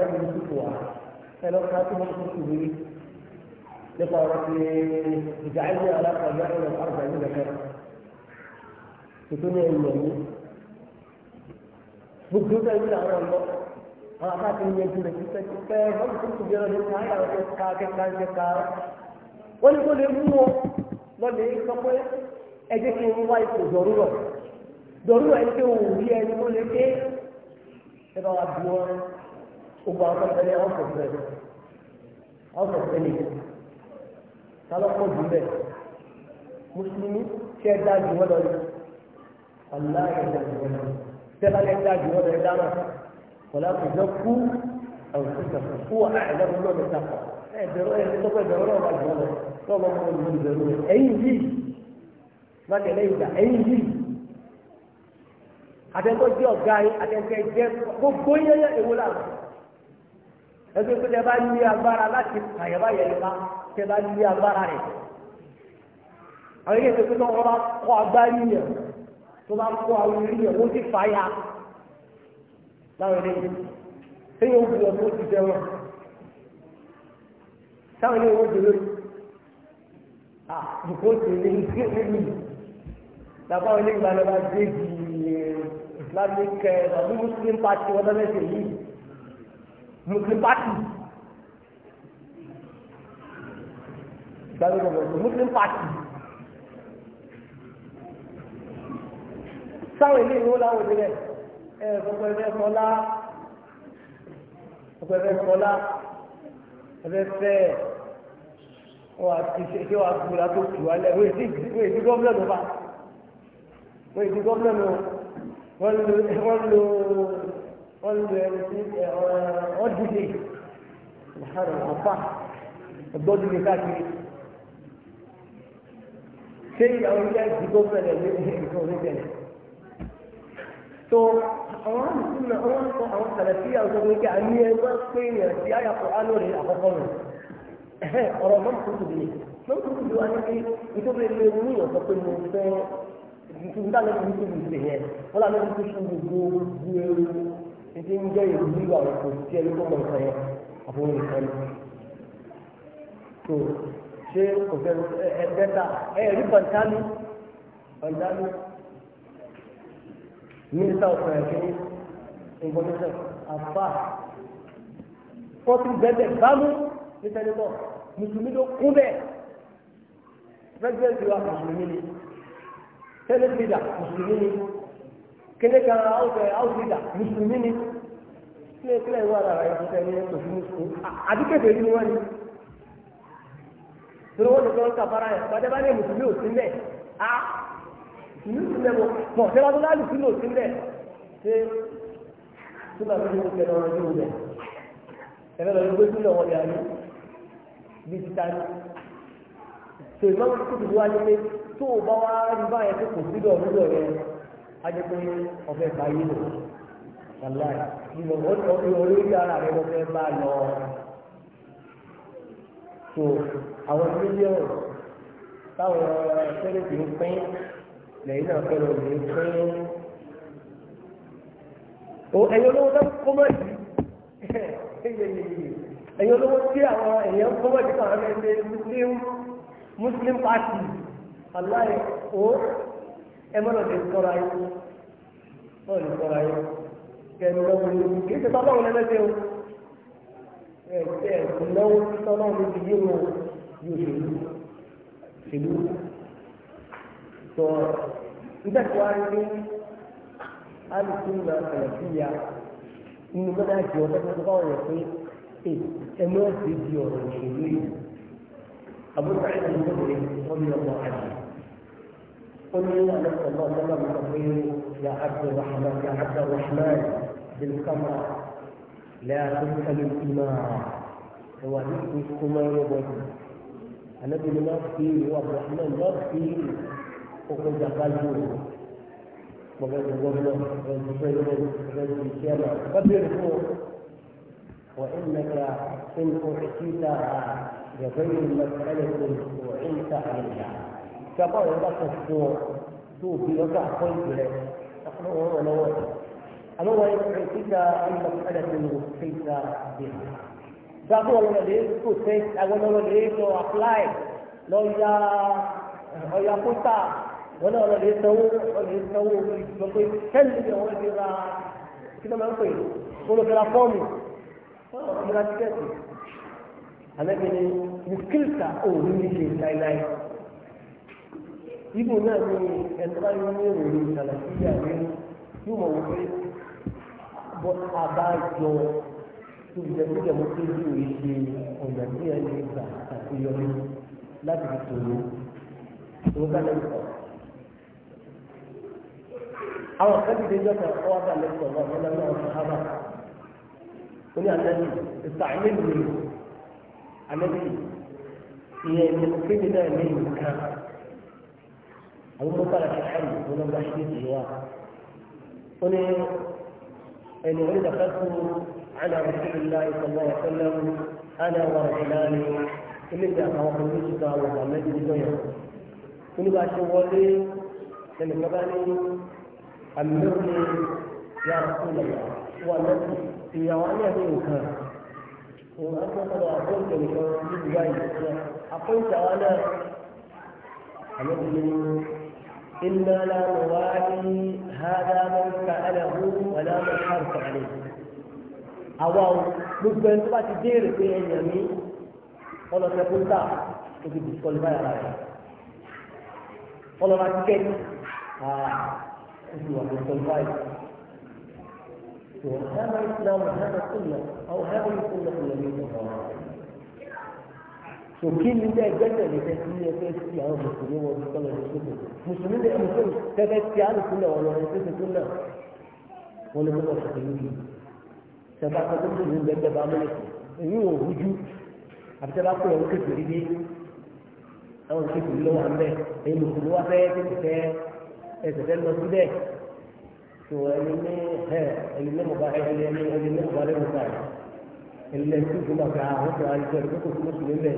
lẹ́nu yusufu wa ẹ lọ ká tó mọ yusufu yìí nípa ọ̀rọ̀ ti ìjà ẹ̀yìn alákọ̀ọ́yà ẹ̀yìn ọ̀rọ̀ ẹ̀yìn lẹ́kẹ́ tuntun ní ẹ̀yìn ẹ̀yìn gbogbo ẹ̀yìn ní àwọn ọ̀lọ́ àwọn afá ti ń yẹ ju rẹ̀ títẹ́ títẹ́ wọ́n ti tún yẹra ní ká yàrá tó ká kẹ́kẹ́ kẹ́kẹ́ wọ́n ní kó lè mú wọn lọ́lẹ̀ sọ pé ẹ kí n wá ipò dọ̀rúrọ̀ dọ̀rúrọ̀ ẹni pé òun rí ẹni tó lè dé ẹ bá wa dùn ọ́ gbogbo àwọn tó tẹ̀lé ọ̀sẹ̀ tẹ̀lé ọ̀sẹ̀ tẹ̀lé kálọ́pọ̀ jù bẹ́ẹ̀ mùsùlùmí tí ẹ dá jù wọ́n lọ rí aláìyá dá jù wọ́n lọ rí tẹ́lá yẹn dá jù wọ́n lọ rí dáná kọ̀lá kò jọ kú àwọn tó tẹ̀lé kú àìlẹ́kùn lọ́dẹ sàkọ̀ ẹ bẹ̀rù ẹ ní tọ́pẹ́ bẹ̀rù lọ́wọ́ jù wọ́n lọ lọ́wọ́ mọ́ ní ìbẹ̀rù rẹ̀ ẹ̀yìn yìí má tẹ̀lé ìgbà ẹ̀yìn yìí àtẹ̀kọ́ jẹ́ ọ̀gá yín àtẹ̀kọ́ jẹ́ gbogbo yẹn èwo láàbù ẹgbẹ́ pé tẹ bá lé agbára láti kàyà bá yẹlẹ bá tẹ bá lé agbára rẹ̀ àwọn ilé ìgbésẹ̀ náà wọ́n bá kọ́ agbárí yẹn tó bá kọ́ àwọn ìrírí yẹn wọ́n ti fà ya láwọn ilé yìí ẹ̀yìn òkú yẹn tó ti jẹ wọn táwọn ilé wọn dèrò à dùkọ́ ti ní ní ìlú làbá ilé ìgbàlẹ̀ bá dé di eh, islamic ẹ̀ lọ́dún muslim party wọ́n bẹ́ẹ̀ ṣe yìí muslim party gbàgbé gbàgbé muslim party sáwọn ilé ìwé làwọn òde rẹ ẹ gbogbo ẹgbẹ́ sọlá gbogbo ẹgbẹ́ sọlá ẹgbẹ́ fẹ wọn àti ṣe wàá gbúra tó tù wá lẹ wọn èdè wọn èdè gọvnẹnu bá wọn èdè gọvnẹnu wọn lo wọn lo wọ́n lu ẹrù sí ọ́dìdè ìhàrà ọ̀pá ọ̀gbọ́dìdè káàkiri. ṣé ìyàwó ilé ẹ̀jì tó fẹ̀lẹ̀ ní ìkọ̀ orí bẹ̀rẹ̀? tó àwọn àmì àwọn sọ àwọn kàlẹ̀ sí àwọn sọ pé àní ẹgbẹ́ pé èèyàn sí àyàpọ̀ alóore àkọ́kọ́ nù ọ̀rọ̀ mọ́mù tó tóbi ni mọ́mù tó tóbi wa ní pé ìtòbi lè mú ìyàn sọ pé mo fẹ́ títí ń jẹ́ ìlú ìgbà wọn kò sí ẹni tó mọ nǹkan yẹn àbúrò nìkan ni. tó ṣé kò fẹ́ ẹgbẹ́ta ẹ rí bàǹtálí bàǹtálí mínísítà ọ̀sán ẹ̀kíní information àfà kọ́tù bẹ́ẹ̀ bámú ní sẹ́nitọ̀ mùsùlùmí ló kún bẹ́ẹ̀ president wa mùsùlùmí ni senate leader mùsùlùmí ni kéde kan àwùjọ àwùjọ mùsùlùmí ni kílẹ̀ kílẹ̀ ìwà ara rẹ̀ fún ẹni tó fi mùsùlùmí àdìkẹ́fẹ́ ni wọ́n ni torí wọ́n ti tọ́ ń kàfàrà yẹn bàtẹ́ bá ní mùsùlùmí ò sí mẹ́ a mùsùlùmí sí mẹ́ mọ́ mọ́ tẹ́lá tó láàlù sí mẹ́ ò sí mẹ́ ṣé túbà tó ní kẹ́ lọ́rọ́ ní ìwé ẹ̀fẹ́ lọ́rọ́ gbé sílẹ̀ wọn yà ní bí ti ta ní tó ìmọ̀ tó ti wá ní pé tó o bá wá rí báyẹn tó kò sí ajẹ́ pé ọ̀fẹ́ bá yé lò wàlá ìlò orí ara rẹ̀ ló fẹ́ bá lọ. tó àwọn mílíọ̀nù táwọn sẹ́lẹ̀tì ń pín lẹ́yìn náà fẹ́ lọ lè pín. o ẹ̀yin olówó tó kó mọ́ yìí ẹ̀yin olówó tí àwọn èèyàn kó mọ́ yìí kàn án lẹ́sẹ̀ muslim muslim party aláì o ẹ mọ́nà lè sọ́ra yín mọ́nà lè sọ́ra yín kẹ́ni lọ́wọ́ ní ibi kìí ṣe bá báwọn lẹ́lẹ́dẹ́ o ẹ ṣe ẹ̀sùn lọ́wọ́ títọ́ náà ní ibi yóò yóò ṣèlú ṣèlú tó nígbà tí wàá rí alùpùpù náà ṣẹlẹ̀ sí ya nínú mọ́nà àjẹ́ ọ̀tọ́ tó báwọn yẹ pé ẹ mọ́ di ọ̀rọ̀ ìṣèlú yìí àbúrò àìsàn ìṣòro rẹ̀ wọ́n bí ọmọ àjẹ́. قل لي نسال الله لما تقول يا عبد الرحمن يا عبد الرحمن بالقمر لا تدخل الإمارة هو نسبي السمير بن أنا بن نفسي هو عبد الرحمن نفسي وقد قلبه وغير الغبن غير الغبن غير الكيامة فبره وإنك إن أحسيتها بغير مسألة أعنت عليها tí a bá wọn bá kàn fún ọ tó o bí ọjà àpọ́ǹtì rẹ ọkùnrin wọn ràn lọ́wọ́ àmọ́ wọn yẹ kí kíkà ọmọ ẹ̀dá tó lò sí ìta bẹ̀. gbàgbọ́ ọlọ́wọ́ lè kó tẹ́ àwọn ọlọ́wọ́ lè lọ apply lọ́ọ́yà ọ̀yà kóta wọn náà ọlọ́wọ́ lè sanwó ọlọ́wọ́ lè sanwó ìgbà pé kẹ́lí ni àwọn ẹ̀dá ra kí ló máa ń pè olùkọ́ra fọ́ọ̀mù ọlọ́wọ́ ti tíkẹ́ẹ̀tì àlẹ́ mi ni mi kíríkà òun ní ṣe láíláí ibò náà ni ẹ̀ńtà yóò ní ìròyìn ìsàlàyé àárín yóò mọ̀ wípé bọ́ abájọ tó fi jẹ́ pé mo tó ju ìṣe ọ̀nà tí ẹ lè gbà àṣeyọrí láti fi tòun òun bá lẹ́kọ̀ọ́. àwọn akẹ́kẹ̀ẹ́ jọ́ta ọwọ́ bá lẹ́kọ̀ọ́ náà wọ́n lọ́wọ́ sàhábà oní àtẹ́lẹ́ ìsàlẹ̀ ìlú àlẹ́ ìyẹn ìlú kéde náà ní kan àwọn mọ́tàlá ti hàn mí wọn bá ṣe ti wá wọn ni ẹni wọn dàgbà tó àná rasulillah ìsọmọ ọsẹlẹ àná wàrà ìlànà ilé ìjà àwọn ọmọ méjì kan àwọn ọmọ méjì lọ́yọ̀ wọn ni bá ṣe wọlé ẹni kan bá ní àmì lórí yàrá tó lọ wà lọ́sùn ìyàwó alẹ́ nǹkan òun akọ́kọ́ àpọ́ǹtì nìkan ní dubai nìkan àpọ́ǹtì àwọn náà àlọ́ إنا لا نراعي هذا من فعله ولا من حرص عليه أواو gbogbo ẹni tó bá ti déèrè pé ẹyàn mi ọlọsẹ kúńtà òbí bìsọlì báyà rà rẹ ọlọmọ tíkẹ́tì àà òbí wà bìsọlì báyà tó hẹ́mà ìsìlámù hẹ́mà kùnà àwọn hẹ́mà ìsìlámù lè ní ìsọ̀rọ̀. òkè mi náà gbẹ́sẹ̀ lè fẹ́ sí ẹgbẹ́ sí àwọn mùsùlùmí wọn tó lọ sí ṣòkò mùsùlùmí lè mú sóòrò tẹ́fẹ́ tí a lè fún náà wọn lọ sí ṣòkò náà wọn lè mú ọ̀sẹ̀ pẹ̀lú yìí tẹ́fẹ́ akọ tó tóbi ní ẹgbẹ́ bá mẹ́lẹ̀ èyí ò rújú àti tẹ́fẹ́ akọ yẹn kékeré rí bí àwọn kékeré lọ́wọ́ à ń bẹ̀ èyí mùsùlùmí wá fẹ́ tẹ́tẹ́ ẹ̀sẹ̀ lọ síbẹ̀ tó ẹni ní ẹ̀ ẹni ní mọ̀ ẹlẹ́sìn tó máa fi àwọn ọ̀sẹ̀ àìjọ rẹ̀ kókò tó mùsùlùmí bẹ̀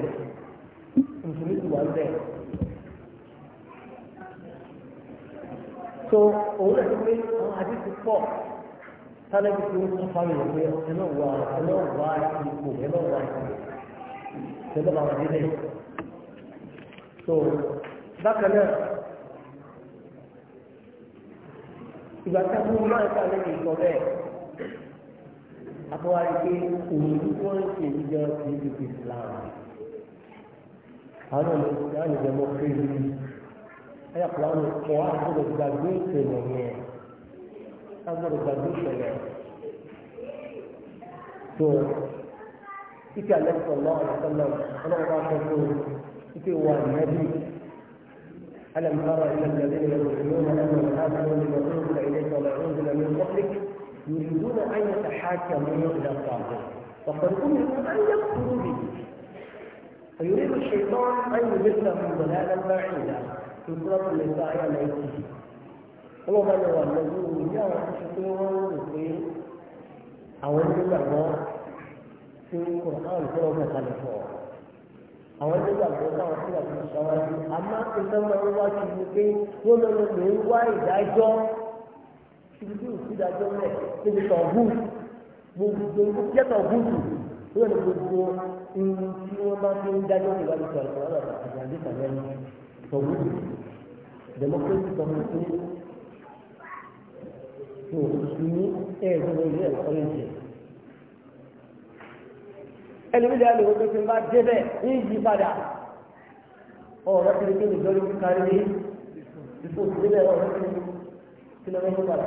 mùsùlùmí tó wà bẹ̀. so òun rẹ̀ pé àwọn àdìsí pọ̀ tálẹ́bí tó ń fáwọn èèyàn pé ẹ náà wà ẹ náà wà ipò ẹ náà wà ipò ẹ náà wà délé. so bákan náà ìgbà tí a fún un máa ń ta lẹ́yìn ìgbọ́ bẹ́ẹ̀ akọwárí pé òun tí wọ́n ń ṣe ìjọ ti ti fi islam àwọn ọmọ ìṣẹ́ àlejò ọmọ kéwì ẹ̀yà kọ́lá ní kọ́ àgbọ̀dọ̀ gbàgbé ìṣẹ̀lẹ̀ yẹn àgbọ̀dọ̀ gbàgbé ìṣẹ̀lẹ̀ tó ike alẹ́sọ̀ náà ọ̀sánlẹ̀ ọlọ́wọ́ bá fẹ́ fún ike wà nẹ́bí ألم ترى إلى الذين يؤمنون أن هذا هو الذي أنزل إليك وما أنزل من قبلك يريدون أن يتحاكموا إلى الطاغوت وقد أمروا أن يكفروا به فيريد الشيطان أن يمسهم ضلالا بعيدا في سورة النساء عليه هو من هو الذي جاء تشكرون في أول الله في القرآن سورة الخلفاء àwọn tó gbàgbọ́ náà sí àtúnṣe àwọn ẹni àmọ́ ìtọ́jú ọlọ́wọ́ ti di pé wọ́n lọ́ọ́ ibi tí rẹ̀ níbi tọ̀ bùn gbogbo jẹ́tọ̀ bùn tù lórí gbogbo ohun tí wọ́n bá fi ń dájọ́ ìwà ìtọ̀ àìsàn àlọ́ àti àdéhùn ẹni tọ̀ bùn democracy tọ̀ bùn tù tó ní ẹ̀ẹ́dùn ilé ẹ̀kọ́ lè jẹ ẹlòmídìí àlòwò tó ti ń bá débẹ̀ ní ìyí padà ọ̀rọ̀ tí ó ti ń gbọ́dọ̀ kárí ní ìfòsílẹ̀ ọ̀rọ̀ tí ó ti ń lọ́wọ́ padà.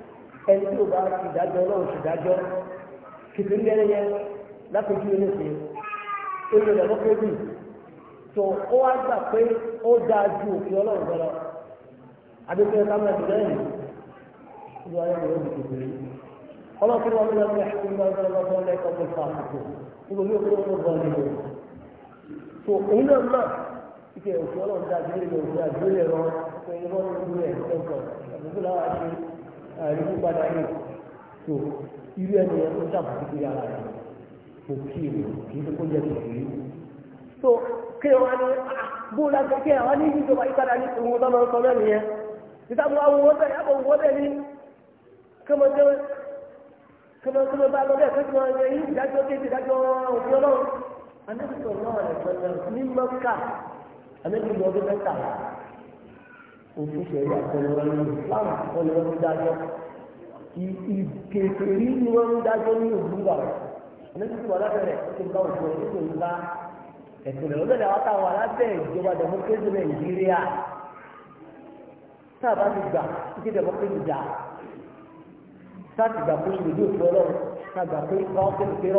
ẹni tó bá ti dájọ́ náà ti dájọ́ kìtì ń gẹ́rẹ́ yẹn lápẹjú oníṣẹ́ olè lọ́wọ́ kébì tó o wá gbà pé o dáa ju òfin ọlọ́run gbọ́dọ̀ àdéhùn ká máa dùn lẹ́yìn ìlú ayé mi ò di kékeré ọlọ́kùnrin wọn lọ sí àṣìṣe ìgbà wọn lọ bọ́ lẹ́kọ̀ọ́ pé fà àkókò níbo ní òkúrò wọn bọ́ nínú tó òun náà náà ìkẹ́ òfin ọlọ́run dáa ju ẹ̀ àìríkú padà yìí tó irú ẹni yẹn tó ṣàbùkù sí rẹ̀ kò kí ni kì í kó jẹ tòun yìí. tó kí wọn ní ah, bó la kí àwọn ní ìjọba ìpadà ní ìwọ tó máa ń nìyẹn níta mo àwọn owó bẹ́ẹ̀ yàgò owó bẹ́ẹ̀ ni kọ́mọ jẹ́ bá lọ bẹ́ẹ̀ kọ́mọ yìí ìdájọ́ kéde ìdájọ́ òfúnṣẹ́ ìyá ọ̀pọ̀lọpọ̀ ní islam ọ̀pọ̀lọpọ̀ ń dájọ́ ìkèkèrí ni wọ́n ń dájọ́ ní òwúrọ̀ ẹ̀mẹ́sìtì wà lábẹ́rẹ̀ ẹ̀sìn bá òfin ọ̀sẹ̀ tó ń bá ẹ̀sìn rẹ̀ lọ́bẹ̀rẹ̀ àwọn táwọn alábẹ́ ìjọba democracy nàìjíríà sábà ti gbà títí democracy dà sáàtì gbà pé ìlú òfin ọlọ́run pé káwọn kẹ́kẹ́ ni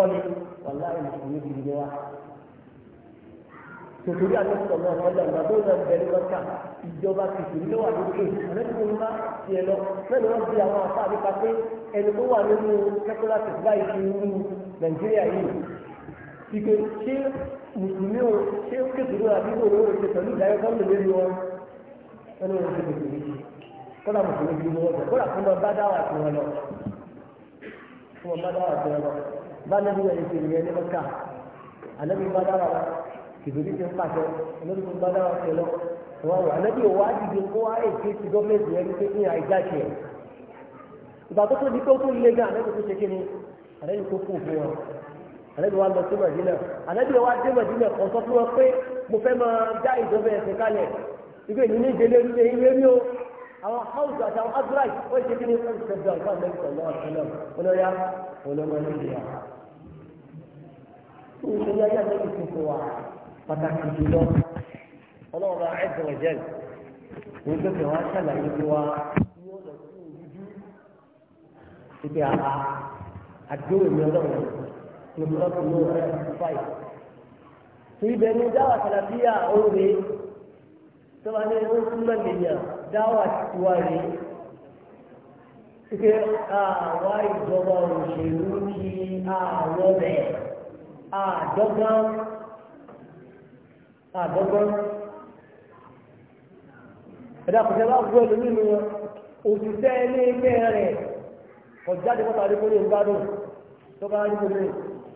wàlá ìmọ̀ tòtòrí àtẹ̀sọ̀ náà sọ́jà ìgbà tó lọ bẹ̀rẹ̀ lọ́tà ìjọba kìkì ní wà lókè àlẹ́kùn ńlá tiẹ̀ lọ mẹ́rin wọ́n di àwọn àfa nípa pé ẹni tó wà nínú kẹ́kọ́lá tìfúlá yìí ti rú nàìjíríà yìí ike ṣé mùsùlùmí o ṣé kékeré àbí kò lóore ṣe pẹ̀lú ìdáyọ̀ tó ń lè lélu wọn ẹni wọn ṣe kékeré yìí kọ́lá mùsùlùmí bí wọ́n bẹ̀ kọ́lá fún bá dáwà tí wọ́n lọ fún bá dáwà tí wọ́n lọ bá nẹ́bí kìbìrì ti ń pàṣẹ ẹlẹ́bí tó ń bá dára ṣe lọ wọn wà lẹ́bí òwò àdìdì kó ayé ké ti gọ́ọ̀mẹ̀ntì yẹn pé ní àìjá ṣe ẹ̀ ìgbà tó tó di tó tún lé gan àlẹ́bí tó ṣe kíni àlẹ́bí tó kù fún wọn àlẹ́bí wa lọ sí mẹ̀dínà àlẹ́bí wa dé mẹ̀dínà kan sọ fún wọn pé mo fẹ́ máa dá ìjọba ẹ̀sìn kalẹ̀ ibẹ̀ ní ìdílé ilé ilé rí o àwọn house àti àwọn adúláì ó ṣe kíni ó ṣe bí àwọn àlẹ́bí sọ̀rọ̀ àti náà olóyà olómọ ní pàtàkì jùlọ ọlọ́run bá ẹ̀sìn ọ̀jẹ́ ní gbẹ̀gbẹ̀ wá ṣàlàyé fún wa ní ọ̀dọ̀ sí òwúdú ibi àbá àdéhùn mi ọlọ́run ní blọọkì ní ọ̀rẹ́ fáì. ibẹ̀ ni dáwà sàlàbíyà òwe tó bá ní ó tún náà lèèyàn dáwà tiwa rè é pé àwa ìjọba òṣèlú kí àwọn ọbẹ̀ àdọ́gbọ́n àdọ́gbọ́n ẹ̀dá kọ̀ọ̀tẹ́ bá gbọ́ ẹlòmí nu wọn òṣìṣẹ́ ilé ẹgbẹ́ rẹ̀ ọ̀jáde kọ́ta adékòlè ń gbádùn tó bá rí kòlè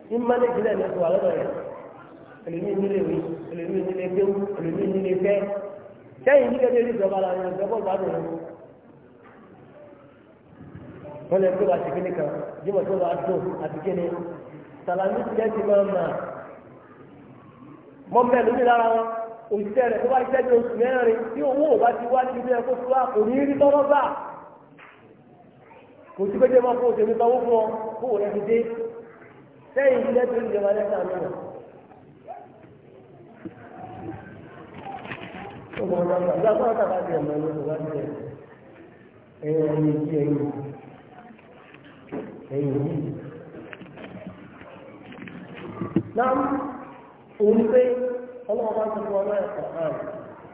ní mánéjì náà lẹ́sùn wà lọ́dọ̀ rẹ̀ ẹlòmí nílé wí ẹlòmí nílé gbéwú ẹlòmí nílé fẹ́ sẹ́yìn nílé lórí ìjọba la yàn ìjọba gbádùn rẹ̀ wọ́n lè gbé wa ti kan jímọ̀ tó bá dùn àti kíní sàlámì tiẹ̀ ti máa máa mọ mẹ́rin mi lára wọn òṣìṣẹ́ rẹ̀ tó bá iṣẹ́ bí oṣù mẹ́rin tí owó ò bá ti wá níbi bí ẹ kó fúlá kò ní rí tọ́lọ́ gbà kò sí pété máa fún òṣèlú sanwó fún ọ kó wò lẹ́fi dé sẹ́yìn ilé tó ń jẹba lẹ́sà náà. ó mọ ọ̀nà àgbà fún àtàkà tiẹ̀ mọ́ ẹni tó bá tiẹ̀ ẹ̀yìn ẹ̀yìn ìdí ẹ̀yìn ẹ̀yìn ìdí òun pé ọlọ́wọ́ bá ń sọ fún ọlọ́wọ́ ẹ̀kọ́ hàn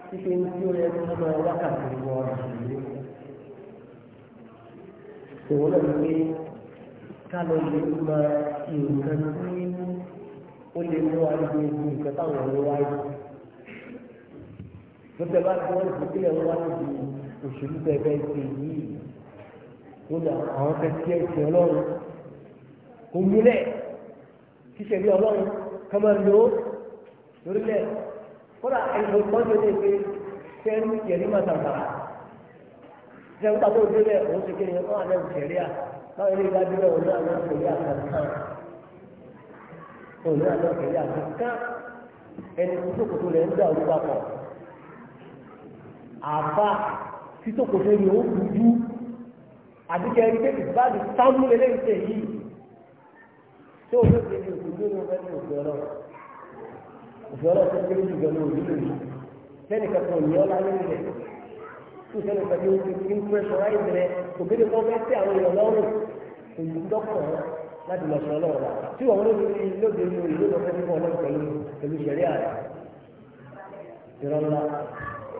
títí ní tí ó yẹ kí wọ́n máa wákàtí wọ ìlú. Òun náà ní pé ká lọ lè máa nǹkan tí ó lè mú àdúgbò nǹkan táwọn ọ̀rọ̀ wáyé. Lọ́sẹ̀ bá ti wọ́n ti kílẹ̀ wá níbi òṣèlú bẹ̀rẹ̀ ti yìí. Wọ́n ní àwọn fẹ́ kí ẹ̀sìn ọlọ́run. Kò múlẹ̀ kíṣẹ̀lẹ̀ ọlọ́run kọ́mọ́ lò lórílẹ̀ kódà ẹ̀rọ ìtọ́jú lè fi sẹ́rù jẹ̀rí máa tàbàrà sẹ́rù pàtó délẹ̀ òun ti kéde wọn àná ìṣẹ̀ríà báwo ni ìdájú rẹ̀ òun náà lọ ìṣẹ̀ríà kankan òun náà lọ ìṣẹ̀ríà kankan ẹni tó sòkòtò rẹ̀ ń dà òun papọ̀ àbá tí sòkòtò rẹ̀ ó dúdú àbíkẹ́ ẹni pé ìbáàdì sámúlẹ̀ lẹ́yìn tẹ̀ yìí tí òun ló ti di òkú nínú ẹni òkú ọlọ́run òfin ọlọ́run tó kéré jù gan ní òdìlú yìí sẹ́ni kankan ò ní ọ́ láyé rẹ̀ tó sẹ́ni kankan ó ti fi ń pressurize rẹ̀ kò gbé kó fẹ́ sí àwọn èèyàn lọ́rùn kò láti lọ sọ ọlọ́run tí wọn ló fi lóde inú ìlú lọ fẹ́ fún ọlọ́run pẹ̀lú pẹ̀lú ìṣẹ̀rí àrẹ ìrọ̀lá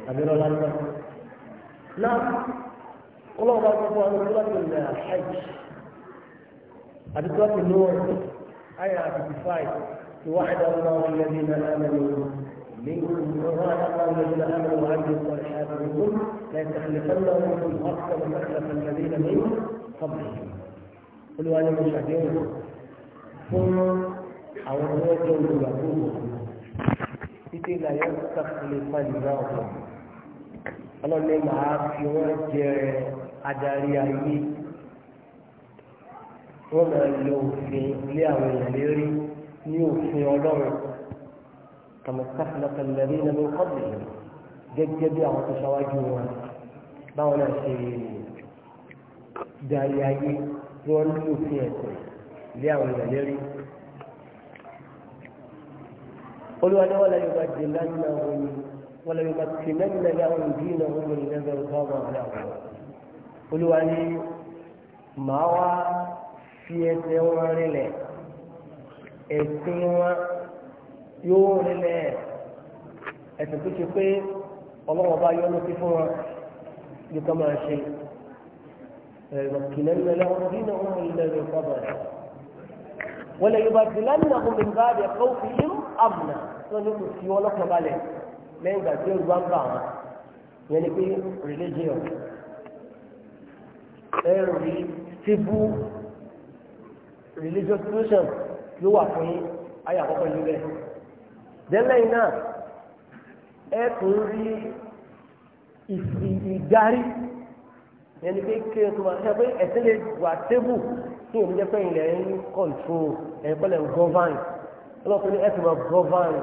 àbírọ̀lá náà náà ọlọ́run bá tó àwọn ọlọ́run láti ilẹ̀ àṣàjì àbí ti lóore آية 55 وحد الله الذين آمنوا منكم ووعد الله الذين آمنوا وعملوا الصالحات منكم ليستخلفنهم في الأرض كما استخلف الذين من قبلهم قل وأنا مشاهدين ثم أوجه يقول títí la yẹ kakele fani náà wọn ọlọ́ni màá fi wọ́n jẹ adarí ayé wọ́n máa lo òfin lé àwọn èèyàn lérí ní òfin ọlọ́run tàmùkàtàmùkà lẹ́rí lẹ́nu kọ́bì gẹ́gẹ́ bí àwọn tó ṣáwájú wọn báwọn náà ṣe darí ayé tí wọ́n ní òfin ẹ̀sìn lé àwọn èèyàn lérí. olúwa ni wọ́n lè yọba jẹ lánàá wọn ni wọ́n lè yọba tì náà nílẹ̀ láwọn ìdí náà wọ́n lè lẹ́gbẹ̀rún fáwọn àwọn àwọn olúwa ni màá wá fi ẹsẹ̀ wọn rinlẹ̀ ẹ̀sìn wọn yóò rinlẹ̀ ẹ̀sìn tó ṣe pé ọlọ́wọ́ bá yọ lókè fún wọn bí kò máa ṣe ẹ̀rọ kìnnà ní bí náà wọ́n ilẹ̀ rẹ̀ kọ́bọ̀ rẹ̀ wọ́n lè yọba ti lánàá kó mi rẹ̀ kó fi yín àmùnà tó ní kò fi ọlọ́kàn balẹ̀ lẹ́yìn ìgbà tí ó ń bà wọn yẹn ni pé religion ẹ̀rù rí ti bú religious solution ló wà fún ayé àkọ́kọ́ níbẹ̀. dẹ́lẹ́yìn náà ẹ tún rí ìsì ìdarí yẹn ni pé kí ẹ tó máa ṣe pé ẹ̀sìn lè wà tébù tí òun jẹ́ pé ilẹ̀ ń control ẹ̀ pẹ́lẹ̀ ń govern ọlọ́pàá ní ẹ tó máa govern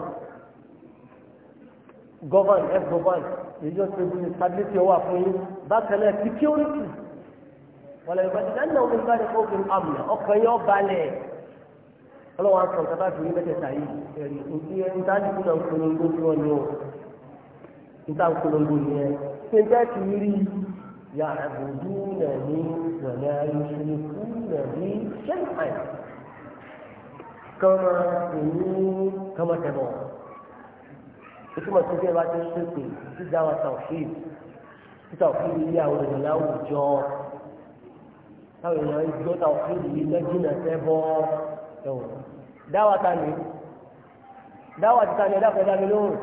govern ẹ govern religious table ní stability ọwọ́ àfọyín bákan náà security wọlé yorùbá ti dáná omi bá ní kófì amúnà ọkàn yóò balẹ̀ ọlọ́wọ́n aṣọ nǹkan bá fi ní mẹ́tẹ̀ẹ̀ta yìí ẹ̀rí nǹkan yẹn níta ti kú náà nkolongo fún ọ ní o níta nkolongo yẹn ṣé níta ti rí yà àbùdú nà ní nàlẹ́ ayélujára kú nà ní ṣẹ́ǹfàì kama èyí kama tẹ̀bọ̀ ìtumọ̀ tó fẹ́ bá ti ṣèpè títí dáwà tàwùfíì títà òfin ilé àwọn ènìyàn láwùjọ táwọn èèyàn ìjọ táwọn fún ìlú ilé jìnnà fẹ́ bọ́ ẹ̀wọ̀n dáwà ta ni dáwà ti ta ni ẹ̀dá fẹ́dá mi lóhùn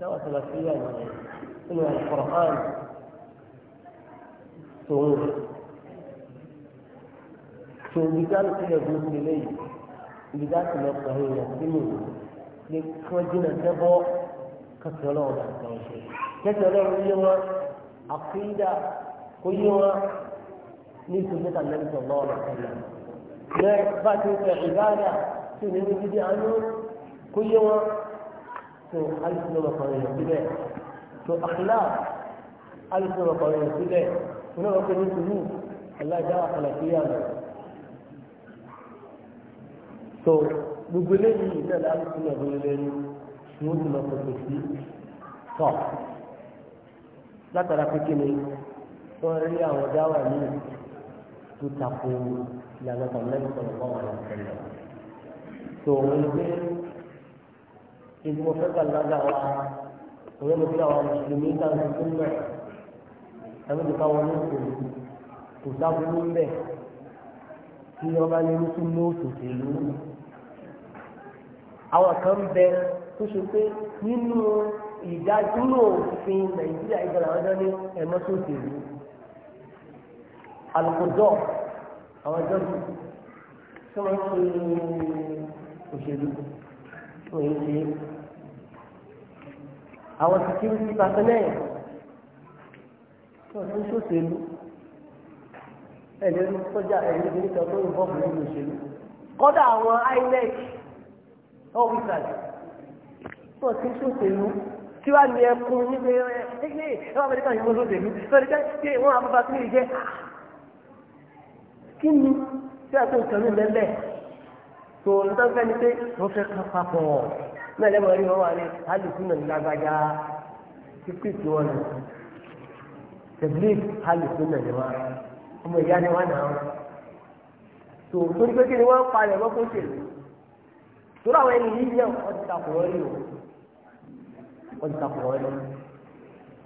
dáwà tó lọ sí ìyàwó nínú ọ̀pọ̀rọ̀ hàn tòun tòun bí dáná sílẹ̀ gbóòsì lélẹ́yìí ibi tá a ti lọ pẹ̀lú rẹ̀ sínú ní kí wọ́n jìnnà sẹ́bọ́ kẹsì ọlọ́run àti ọ̀ṣẹ́ kẹsì ọlọ́run yé wọn àkúídà kó yé wọn ní ìsúnmẹ́ta lẹ́nu tó lọ́wọ́ lọ sílẹ̀. Lẹ́ bá ti fẹ̀ ìbáàdà tí ní ní gidi àánú kó yé wọn tó alùpùpù lọ́wọ́ kan rẹ̀ sílẹ̀. Tó àkìlá alùpùpù lọ́wọ́ kan rẹ̀ sílẹ̀. Wọ́n náà wọ́n pè ní sùúrù aláìdá àkàlàkìyà lọ. Tó gbogbo eléyìí ìtẹ̀lẹ̀ alùpùpù ni wọ́n ti lọ pẹ̀lú sí tọ̀ látara pé kí ni wọ́n rí àwọn dáwà yìí tó tako ìlànà kan lẹ́yìn sọ̀rọ̀ bá wọn àtẹlẹ. tó o ní pé ibi mo fẹ́ kà lága wa òun ló fi àwọn mùsùlùmí ká ń tuntun mẹ́ ẹ̀mí ti káwọn ní kò kò sábúrú mbẹ́ tí wọ́n bá ní rúkú ní òtòtò ìlú. àwọn kan bẹ tó ṣe pé nínú ìdájúlò òfin nàìjíríà ìgbàlá ọjọ́ ní ẹ̀mọ́tò òtòtò ìlú alùpùpù àwọn ẹjọ́ bí tí wọ́n ń ṣe òṣèlú tó ń ṣe àwọn security personnel tí wọ́n ń ṣe òṣèlú ẹ̀lẹ́rú sọ́jà ẹ̀lẹ́rú nígbà tó ń bọ̀ nínú òṣèlú kọ́dà àwọn INEC officers tí wọ́n ti ń ṣe òṣèlú tí wàá ní ẹkùn nígbà ẹ̀ẹ́dẹ́gbẹ́ ẹ̀rọ amẹ́ríkà yìí wọ́n lóde ní sọ́dẹ́gbẹ́ wọ́n á bá bá sí ilé jẹ́ kí ni tí a tó ń sọ̀rọ̀ lẹ́lẹ̀ tó ń tán fẹ́ ni pé wọ́n fẹ́ ká papọ̀ náà lẹ́mọ̀ rí wọn wà ní alùpùpù náà lágbájá kíkú ìtú wọn nù tẹ̀blík alùpùpù náà ni wọn ọmọ ìyá ni wọn náà tó torí pé kí ni wọ́n palẹ̀ wọ́n kó tèlè torí àwọn ẹni yìí yẹ ọtí takùn wọn rí o ọtí takùn wọn rí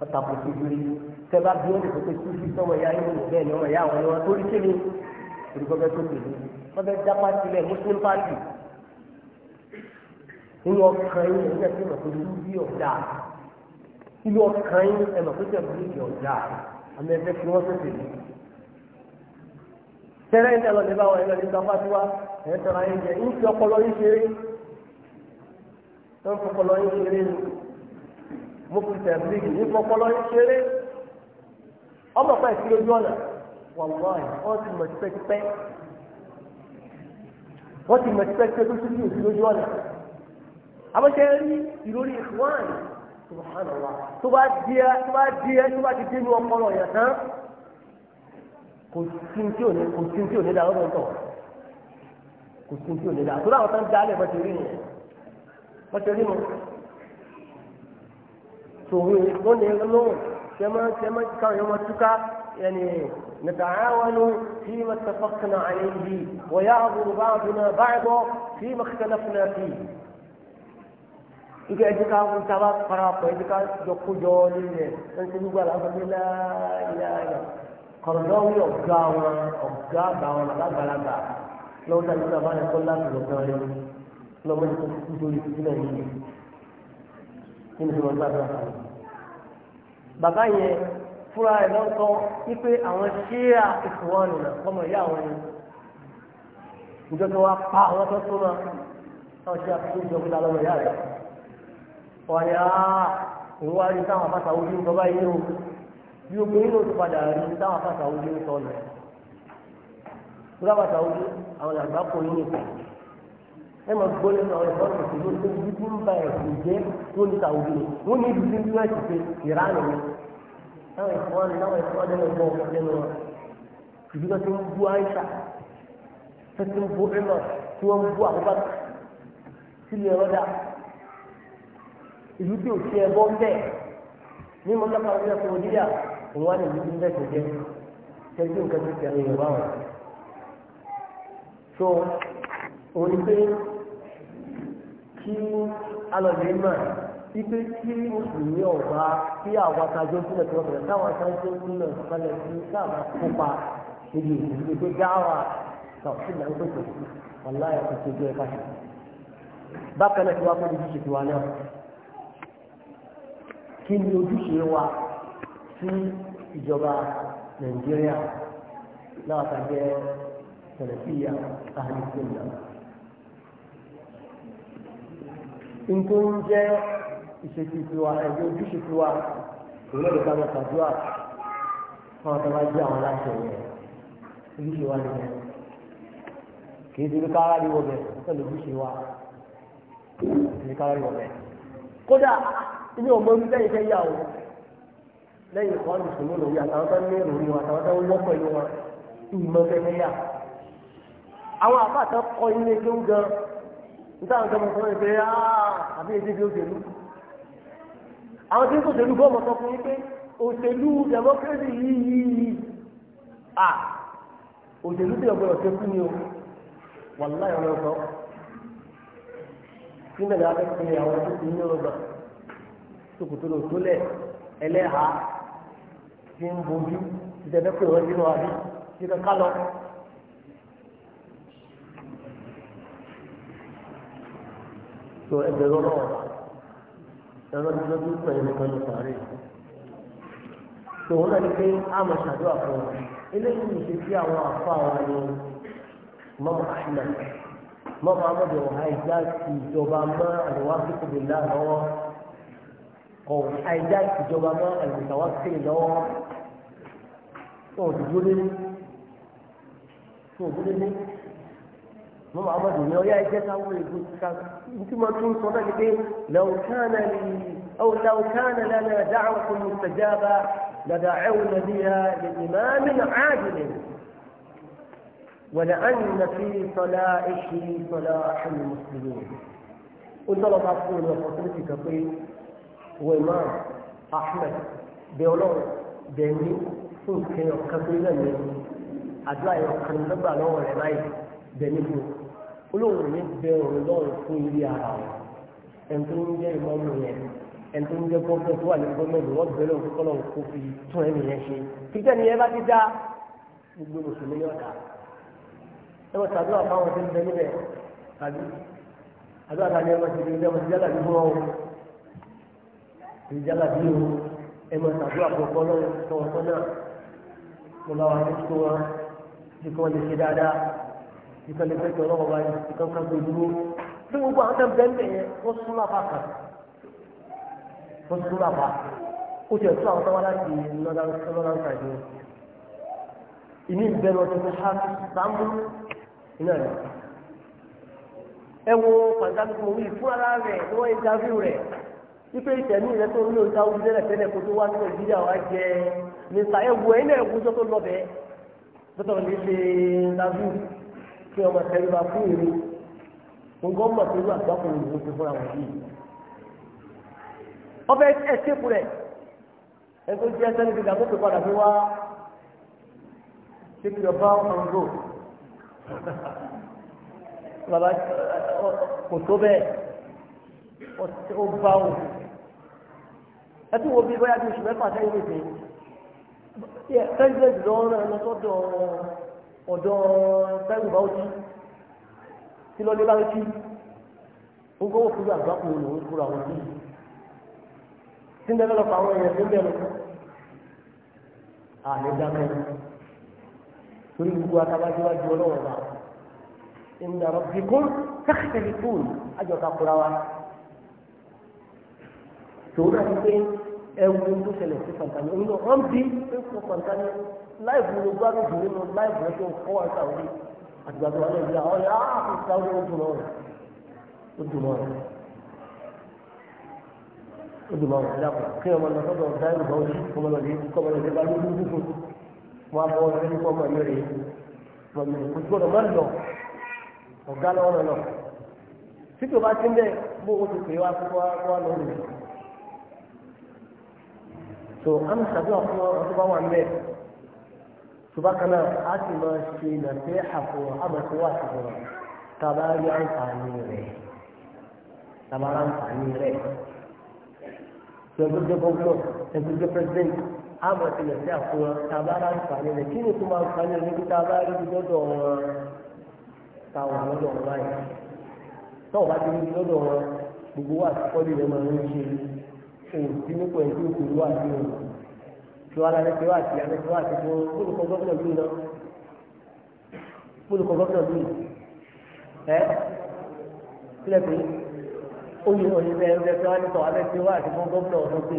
ọtí takùn tó dúró tẹ bá bí wọn lè fẹ́ pé kí sọmọ ìyá yìí wọn bẹ́ẹ̀ ni ọmọ ìyá àwọn ni wọn torí kí ni torí gbọ́dọ̀ tó tèmi wọ́n fẹ́ já pàtì lẹ̀ muslim party nínú ọkàn yín ẹ̀yin náà ti mọ̀ pé lúbí ọ̀dà nínú ọkàn yín ẹ̀ mọ̀ pé tẹ̀ lúbí ọ̀dà àmì ẹ̀fẹ́ fi wọ́n tó tèmi. tẹ́lẹ̀ ń tẹ̀lọ́ nípa àwọn ẹ̀rọ nípa fásitì ẹ̀ tọ́ra ẹ̀ jẹ́ ń fi ọpọlọ yín ṣeré ń fi ọpọlọ yín ṣeré mo fi tẹ̀ lúbí yín yín ṣeré ọmọ pẹ̀ sí ojú ọ̀nà wàlúwàì wọ́n ti mọ̀ tipẹ́tipẹ́ wọ́n ti mọ̀ tipẹ́tipẹ́ tó tún ní òsì lójú ọ̀nà àbọ̀ṣẹ́ rí ìlórí ìwọ̀n subhanallah tó bá di ẹ tó bá di ẹ tó bá ti dé ní ọpọlọ yẹn tán kò sí tí ò ní kò sí tí ò ní dáa lọ́dọ̀ tọ̀ kò sí tí ò ní dáa tó dáa tán dálẹ̀ bọ́ṣẹ́ rí nìyẹn bọ́ṣẹ́ rí mu tòun lónìí lóhùn tẹmọ tẹmọ káwọn wọn túká yẹn نتعاون فيما اتفقنا عليه ويعذر بعضنا بعضا فيما اختلفنا فيه ike ẹjẹ ká ń taba parapọ̀ ẹjẹ ká jọkú jọ nílẹ̀ ẹnṣẹ́ gbogbo àlàáfíà láàyè kọ̀rọ̀dọ́wì ọ̀gá wọn ọ̀gá àgbà wọn àgbàlagbà lọ́wọ́ tá a ti sábà yẹn kọ́ láti lọ gan yẹn lọ́wọ́ yẹn tó kú lórí ìdílé yìí kí ni ìwọ̀n gbàgbà bàbá yẹn fúra ẹ̀ náà kọ́ wípé àwọn ṣíà ìfowópamọ́ nìyà ọmọ ìyá àwọn ẹni ìjọba wa pa àwọn tó tó náà táwọn ṣíà tó jọ pé lálọ́mọ ìyá rẹ̀ wà ní àá ìwọ àrí táwọn afáta ojú ń bọ́bá yìí o bí obìnrin ló ti padà rí táwọn afáta ojú ń sọnù ìgbàbàtà ojú àwọn àgbà kò ní nìkan ẹ máa gbọ́ nínú àwọn ìfọ́n ìṣèlú tó ń bí ń bá ẹ̀sìn jẹ́ tó ní tàwọn ojú ni wọ́n ní ibi tí wọ́n ti ṣe ìránù táwọn ẹ̀fọ́ ni láwọn ẹ̀fọ́ lẹ́nu ọgbọ́n ọ̀gbọ́n lẹ́nu wọn ìdí tó ti ń bú àìsà tó ti ń bú ẹ̀mọ̀ tí wọ́n ń bú àbúgbà sílẹ̀ ọ̀dà ìlú tí ò ti ẹ̀bọ́ ń bẹ̀ ní mọ́tàkà ọ̀gbìn ẹ̀fọ́ òdíyà òun wà ní ìlú tí ń bẹ̀ tó jẹ́ nǹkan tó ti àwọn èèyàn bá wọn. so òun ni pé kí alọ̀dẹ̀ máa ipe tí oṣù ní ọ̀gá tí àwọn atajọ́ sílẹ̀ tí wọ́n bẹ̀rẹ̀ táwọn atajọ́ sílẹ̀ sílẹ̀ sí káàmà kópa níbi ìdílé pé dáwà tàbí ìlànà pẹ̀lú ọ̀la ẹ̀kọ́ tó jẹ́ ẹ̀ka ṣe. bákan náà tí wọ́n fún ojúṣe tiwa náà kí ni ojúṣe wa sí ìjọba nàìjíríà náà tàbí tẹ̀lẹ̀fíà àhàlìsílẹ̀. nǹkan ń jẹ́ ìṣètì tiwa ẹ̀jẹ̀ ojúṣe tiwa òun lè ká fún àwọn tó bá àwọn aláṣẹ rẹ̀ ojúṣe wa nìyẹn kì í ṣe káwá ní wọ̀bẹ̀ pẹ̀lú ojúṣe wa kì í káwá ní wọ̀bẹ̀. kódà ilé ọmọ orí lẹ́yìn fẹ́ yà o lẹ́yìn ìkọ́ àti ìṣòro lòwì àtàwọn tó ní ìròyìn wọn àtàwọn tó ń wọ́ pẹ̀lú wọn ìmọ̀ fẹ́ fẹ́ yà. àwọn àbátan kọ ilé tó ń gan nítawọn tó mọ̀ fún ẹ̀ fẹ́ yà á àbí èdè bí ó àwọn tí ń sòṣèlú bọ́ọ̀mù sọ fún yín pé òṣèlú democracy yìí yìí yìí à òṣèlú tí ọgbẹ́ ọ̀sẹ̀ kú ni o wàláyé ọ̀rọ̀ sọ síbẹ̀ ni a fẹ́ pe àwọn tó ti ní ọgbà sòkòtò lò tó lẹ̀ ẹlẹ́ha ti ń bojú ìdẹ́fẹ́ pé wọ́n dínú àbí ti kankan lọ. tó ẹgbẹ́ lọ́wọ́ ọ̀la ẹ̀rọ ti lọ́dún pẹ̀ ẹ̀rọ kan ló parí. tòun náà ni pé àmọ̀ ṣàdúrà fún wa eléyìí ní ṣe sí àwọn àfa wa ni mọ́mọ́ ahmed mọ́mọ́ ahmed ọ̀há ìjà ti ìjọba mọ́ àdéhùn àfikùnbí náà lọ́wọ́ ọ̀hún àìjá ìjọba mọ́ àìmọ̀tàwá sí lọ́wọ́ tó ò dúró lé tó dúró lé mọ́mọ́ ahmed ní ọ̀yá ẹ̀jẹ̀ káwọ́ ègbò kíkà. ثم تكون صدق ايه لو كان لي او لو كان لنا دعوه مستجابه لدعونا بها لامام عادل ولأن في صلائه صلاح المسلمين قلت له بعضهم من فصلتي كطيب وإمام أحمد بيولو بيني فوق كطيب لن يجب أدعي وكان لبع بيني olóhùn ní bẹ̀rù lọ́rùn fún ilé ara rẹ̀ ẹni tó ń jẹ́ ìmọ̀ọ́mù yẹn ẹni tó ń jẹ́ gọ́ọ̀mù tó wà ní gọ́ọ̀mù wọ́n bẹ̀rẹ̀ òun kọ́ lọ́run kó fi tún ẹni yẹn ṣe kíkẹ́ ni ẹ bá ti dá gbogbo mùsùlùmí ní ọ̀dà ẹ wọ́n ṣàdúrà fáwọn tó ń bẹ níbẹ̀ tàbí àdúrà tàbí ẹ máa ti di ẹ máa ti jálà bí wọ́n ti jálà bí o ẹ máa ṣàdúrà fún ọkọ lọ́run náà mo bá wa tó tó wọn bí kò lè ṣe dáadáa ìkàlẹ̀ fẹ́kẹ̀ ọlọ́wọ́ bá yẹn kankan tó dúró tí gbogbo àwọn tẹ̀ bẹ́ẹ̀ yẹn wọ́n súnmọ́ àpá kan wọ́n súnmọ́ àpá ó tiẹ̀ tún àwọn táwọn láti lọ́dán ṣàjọ ìní ìbẹ̀rù ọdún tó ṣá sáńbù iná rẹ̀ ẹ wo pàtàkì kò wí fún ara rẹ̀ ní wọ́n ìdáfíù rẹ̀ ipe ìtẹ̀mí rẹ̀ tó ń lò ìta ojú tẹ́lẹ̀ tẹ́lẹ̀ kó tó wá sí nàìjíríà wá jẹ nípa ẹ wo náà ẹ̀wùjọ́ tó lọ bẹ́ẹ̀ tó tọ̀ ní ṣe ìdáfíù kí ọmọ tẹríba fún èrè gbogbo ọmọ tó lù àgbákò ìlú ló ti fúnra wọn yìí ọbẹ̀ ẹ̀ṣẹ́kù rẹ̀ ẹgbẹ́ jẹ́ sẹ́ni ti dàgbé pé padà fi wá ṣébi ọba ọ̀ngọ̀ bàbá kò tó bẹ́ẹ̀ ó bá wò ẹtí wo bí bóyá bí oṣù mẹ́fà sẹ́yìn lè dé tẹ́ńtẹ́ńtì lọ́wọ́ náà lọ́sọ́dọ̀ ọ̀ọ́ ọ̀dọ́ sẹ́gun báwọ́tì tí lọ́lé báwọ́tì ó gbọ́wọ́ fún àgbà kò lò ó kúrò àwọn yìí tí ń bẹ́ẹ̀ lọ́pọ̀ àwọn èèyàn tó ń bẹ́ẹ̀ lọ àlẹ́ dámẹ́rin torí gbogbo atabájúwájú ọlọ́wọ́ bá ìmúdà rọ̀bì kún tẹ́kítẹ́lì fún àjọta kura wa tòun náà ti pé ẹwu tó ṣẹlẹ̀ sí fàǹtàní òun náà wọ́n bí pé fún fàǹtàní láìpù ló gbádùn jù nínú láìpù rẹ tó ń kọ́ ẹ̀ka òbí àtìgbàdo wà lẹ́yìn àwọn yà á kò sí ah, àwọn ojú lọ́wọ́ ó dùn mọ́ rẹ̀ ó dùn mọ́ rẹ̀ ẹ̀dá kan kí ọmọ lọ sọ́dọ̀ ọ̀dá ìlú bọ́ọ̀lì ọmọ lọ lè kọ́ ọmọ lọ lè bá lójú dúkùn wọn á bọ́ ọ lórí kọ́ ọmọ mi rè é kò gbọ́dọ̀ má lọ ọ̀gá lọ́wọ́ lọ títí o bá ti ń bẹ̀ bó o ti pè wá fún wa lọ́wọ́ rẹ̀ so àmì sàdúrà fún ọ ṣùgbọ́n a ti lọ ṣe ìlọ̀tẹ́ àpò àmọ̀tíwá àtìgbọ̀n tàbá rí àǹfààní rẹ̀ tàbá rí àǹfààní rẹ̀ ẹgbẹ́jọ́ gọ́gbọ́ ẹgbẹ́jọ́ president àmọ̀tíwọ̀tẹ́ àpò tàbá rí àǹfààní rẹ̀ kí ni tó máa àǹfààní rẹ̀ níbi tàbá rí lọ́dọ̀ wọn táwọn lọ́dọ̀ wọn báyìí tọ́wọ́ bá ti rí lọ́dọ̀ gbogbo wa àti kọ́lé rẹ̀ máa ń ṣe òun sí nípa ẹ̀jẹ̀ òkú wà sí òun tí wàá lálẹ́ tiwa àti alẹ́ tiwa àti fún olùkọ́ gọ́fìnà bíi lọ olùkọ́ gọ́fìnà bíi ẹ sílẹ̀ pé oyè òní bẹ́ẹ̀ ń bẹ tí wàá nìkan alẹ́ tiwa àti fún gọ́fìnà ọ̀dọ́ pé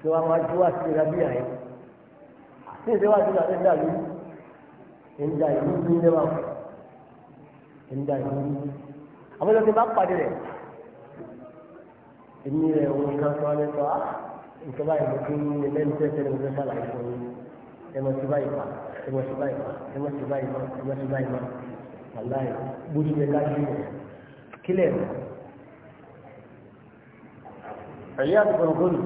tí wàá máa tiwa àti ìlera bíi àyè tí ìdíwà àti ìlànà ìdá yìí ìdá yìí ní ilé wa ìdá yìí àwọn ìlọsìn bá nǹkan báyìí mo fi ń lẹ́nu tẹ́ tẹ́lẹ̀ mo fẹ́ ṣàlàyé fún yín ẹ mọ̀ sí báyìí pa ẹ mọ̀ sí báyìí pa ẹ mọ̀ sí báyìí ma ẹ mọ̀ sí báyìí ma wàláì bójú yẹ ká yé yẹn kílẹ̀ rẹ̀. ẹ̀yẹ́ àtúntò gbòòlù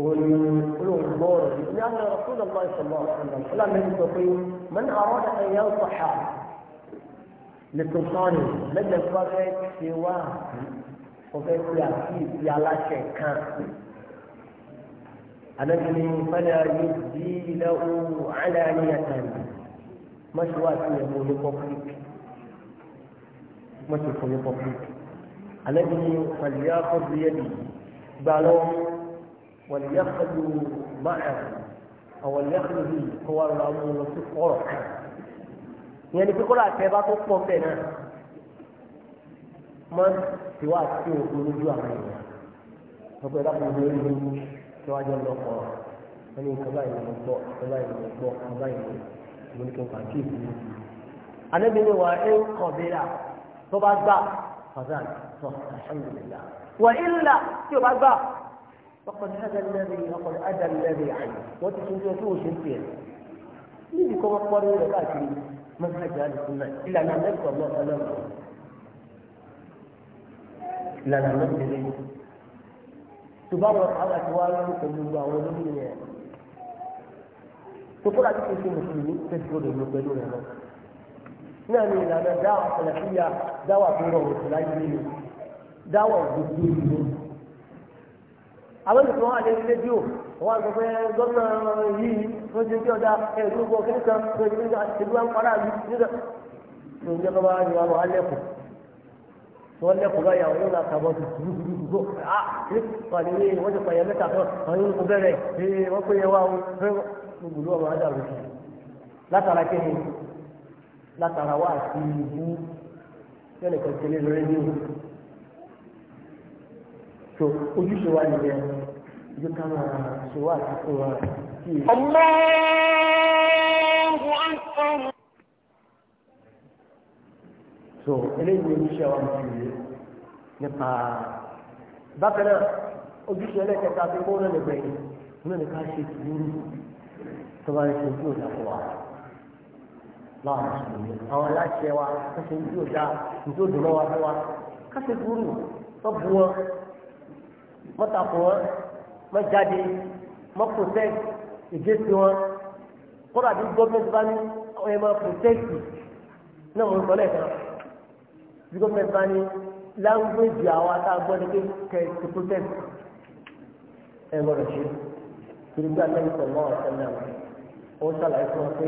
òun ni olóhùn gbọ́ọ̀rọ̀ yìí ní àwọn ọ̀rọ̀ fún ọ̀gbọ́n ìṣọ̀lọ́ ọ̀sán fúlàmì ń sọ pé mọ́n àwọn ẹ̀yà ọ̀sọ̀ ha lẹ́tọ̀sọ́ọ̀nì lẹ́gbẹ̀ẹ́ fún afẹ́ ṣe wá ọ̀fẹ́ fi àkíyèsí aláṣẹ kan anábìrin fẹ́lẹ́ ayé bí ilẹ̀ ohun àlẹ́ àníyàtà ni mọ́ṣẹ́ wà sí ẹ̀mú ní pọ́pílìkì mọ́ṣẹ́ fún ní pọ́pílìkì anábìrin fàlìyà kọ́bí ẹ̀dì gbà lọ́wọ́ wàlìyà kọ́bí máa àwọn ìyá kọ́bí bíi kọ́ wà lọ́wọ́ àwọn ọmọ sí kọ́rọ̀ ìyẹn ni kíkọ́rọ̀ àtẹ́bá tó pọ̀ bẹ́ẹ̀ náà mọ́ tiwa àti òkú lójú àwọn èèyàn ọgbẹ́ dákùnrin lórí lórí tí wọ́n á jọ lọ kọ́ wọ́n ní nǹkan báyìí mo gbọ́ nǹkan báyìí mo gbọ́ nǹkan báyìí mo ní kí n kà kí ìlú mi. Ànábi ni wà á ń kọ̀ bí rà tó bá gbà fàzán tó alhamdulillah. Wà ilà tí o bá gbà ọkọ̀ ní ádà lẹ́bi ọkọ̀ ní ádà lẹ́bi àyè wọ́n ti tún tó tó o ṣe ń tiẹ̀. Níbi kọ́ wọ́n pọ́n rẹ̀ káàkiri mọ́sáàjì àdìsún náà ìlànà mẹ́tọ̀ lọ́sọ̀lọ́sọ̀. Ìlànà mẹ́tẹ̀lẹ́yìn. tó bá wọn àwọn àti wá lórí pẹ̀lú àwọn olóyè yẹn tó kọ́ra tó ṣe mùsùlùmí tẹ̀sí gbọdọ̀ lọ pẹ̀lú rẹ̀ lọ. náà ni ìlànà dáwà sàlàfíà dáwà tó rọrùn sí láyé nínú dáwà ògbójú ìlú. àwọn ìfọwọ́ àlẹ́ rédíò wọn sọ pé gómìnà yìí tó ti ń kí ọjà ẹ̀ẹ́dúgbò kíníkan tó ti ń gbà tẹ̀lé wọn kọ́ra yìí nígbà tó ń jẹ́ kọ́ bá yọ àwọn alẹ́ kù tí wọ́n lẹ́kọ̀ọ́ lọ́yà wọn lọ́la kàbọ̀ tó gbogbo a wọ́n ní wọ́n ti pààyàn mẹ́ta kan àwọn yóò bẹ̀rẹ̀ ee wọ́n pè é wá o fẹ́ gbogbo ọmọ ajá ló ti látara kí látara wá sí ibú yẹn kan tẹ́lẹ̀ lórí ní o tó ojúṣe wa nìyẹn ojú ká máa ṣe wá àti fún wa. الله أكبر so eléyìí oníṣẹ́ wa ti rí nípa bákan náà ojúṣe ẹlẹ́kẹta tí kò lónìí gbẹ̀yìn náà ní ká ṣe sùúrù tó bá ń ṣe ojú ọ̀dà fún wa láwọn mùsùlùmí àwọn aláṣẹ wa ká ṣe ojú ọ̀dà nítorí òdùnmọ́ wa fún wa ká ṣe sùúrù tó bu wọn mọ́tàkùn wọn mọ́jáde mọ́pọ̀tẹ́ ìgbésí wọn kódà bí gọ́ọ̀mẹ́ntì bá ní ọ̀yẹ́mọ̀ pọ̀tẹ́ẹ̀tì náà mo ń sọ lẹ́ẹ̀kan bí gọ́ọ̀mẹ̀ntì bá ní láńgbéjì àwọn atágbọ́n ní kẹ́kẹ́ protest ẹ gbọ́dọ̀ ṣe gbígbá lẹ́yìn pẹ̀lú àwọn ọ̀sẹ̀lẹ̀ ó ṣàlàyé fún wa pé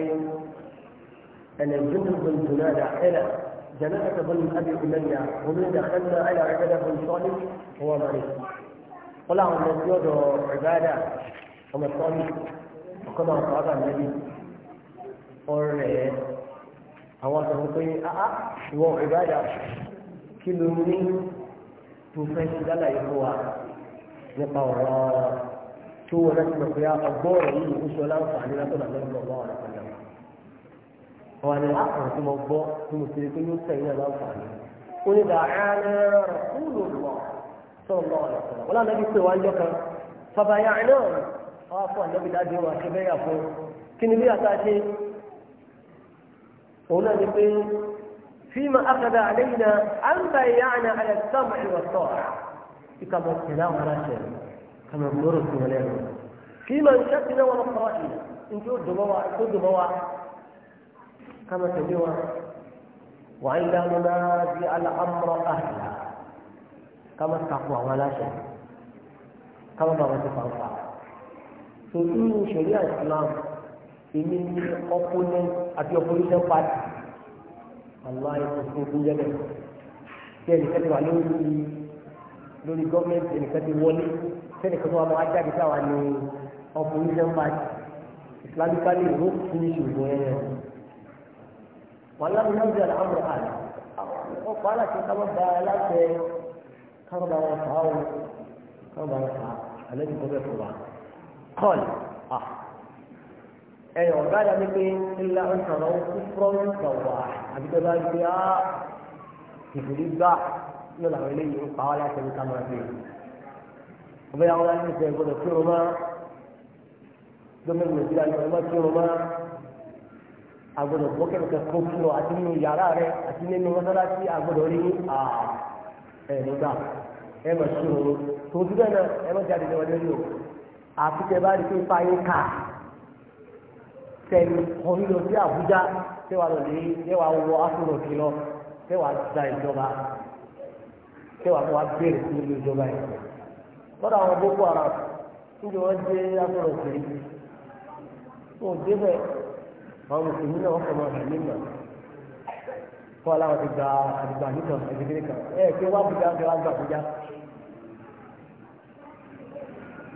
ẹnì jùlọ jùlọ ẹ̀dà ẹ̀dà jẹ̀lẹ́ ẹ̀kẹ́ bọ́lú àbí ìlẹ́yà olóyìn àkẹ́lẹ́ ẹ̀dà ẹ̀dà bọ́lú sọ́ọ́lì wọ́n máa rí wọ́n láwọn ọmọ ẹgbẹ́ ọ̀dọ̀ ẹ̀dáàdà ọmọ sọ́ọ́lì ọkọ̀ máa fọ́ àwọn sọ̀rọ̀ pé áá wọ ìbáàdà kí ló ní tó fẹ́ ṣe dálà ìfún wa nípa ọ̀rọ̀ tó wọ́n láti mọ̀ pé ọgbọ́n rẹ̀ yìí ó sọ láǹfààní látọ̀dà lọ́dún ọ̀gbọ́n ọ̀rọ̀ pẹ̀lú àwọn ni àkàrà tí mo gbọ́ tí mo ti rí pé yóò sẹ́yìn náà láǹfààní ó ní bá ààrẹ rẹ̀ kúrò lọ́wọ́ sọ̀rọ̀ lọ́wọ́ rẹ̀ هنا نقول فيما أخذ علينا أن يعنى على السمع والطاعة إيه كما السلام على شيء كما نرد ولينا فيما انشأتنا ونقرأنا إن كنت موا كنت كما تجوا وعند لا ننازع الأمر أهلا كما تقوى ولا شيء كما ما تفعل فإن شريعة الإسلام èmi ní opponent àti opposition party àwọn àìsàn ogun yẹlẹ tí ẹnìkan ti wà lórí lórí gọ́ọ̀mẹ̀ntì ẹnìkan ti wọlé tí ẹnìkan tó wà máa jáde sáwà ní opposition party islamically ló fún ìṣòro yẹn wọn lábẹ́ náà jẹ́ àmọ́ àlà ọkọ̀ aláṣẹ káwọn bá aláṣẹ káwọn bá wọn fà á káwọn bá wọn fà á alẹ́ ti kọ́ bẹ́ẹ̀ fún wa kọ́ọ̀lì ah ẹ̀yàn ọ̀gá yà ní pé ńlá ń sọ̀rọ̀ ó fúrọ́ọ̀nù sọ̀wà àbí tó bá ń gbé á ìbùdí gbà ní ọ̀làwọ̀ eléyìí ń pa wá láti ẹ̀ka máa gbé. ọ̀bẹ yà wọn láti ṣe ìgbọ́dọ̀ tí o má gómìnà ìdílé àti ọ̀gbọ́n tí o má agbọ́dọ̀ bọ́kẹ́tẹ̀ kó fún ọ àti nínú yàrá rẹ àti nínú mọ́sálásí agbọ́dọ̀ rí ẹ̀ ẹ mọ̀ sí tòun ti bẹ́ẹ̀ náà ẹ mọ̀ jáde lọ́wọ́ lórí o àfikẹ́ bá rí pé fáyín ká tẹ̀lé kan yíyọ sí Àbújá tẹ́wàá lọ lé tẹ́wàá wọ afúnà kí lọ tẹ́wàá da ìjọba tẹ́wàá wọ abẹ́rẹ́ sí ilé ìjọba yìí lọ́dọ̀ àwọn Boko Haram níbi wọ́n dé afúnà kiri wọn ò débẹ̀ àwọn mùsùlùmí náà wọ́n kọ́ máa hàn nígbà kọ́ aláwọ̀ ti gba àdìgbà nìkan ẹ̀dẹ́gbẹ́rẹ́ kan ẹ̀ pé wọ́n Àbújá tẹ́wàá gba Àbújá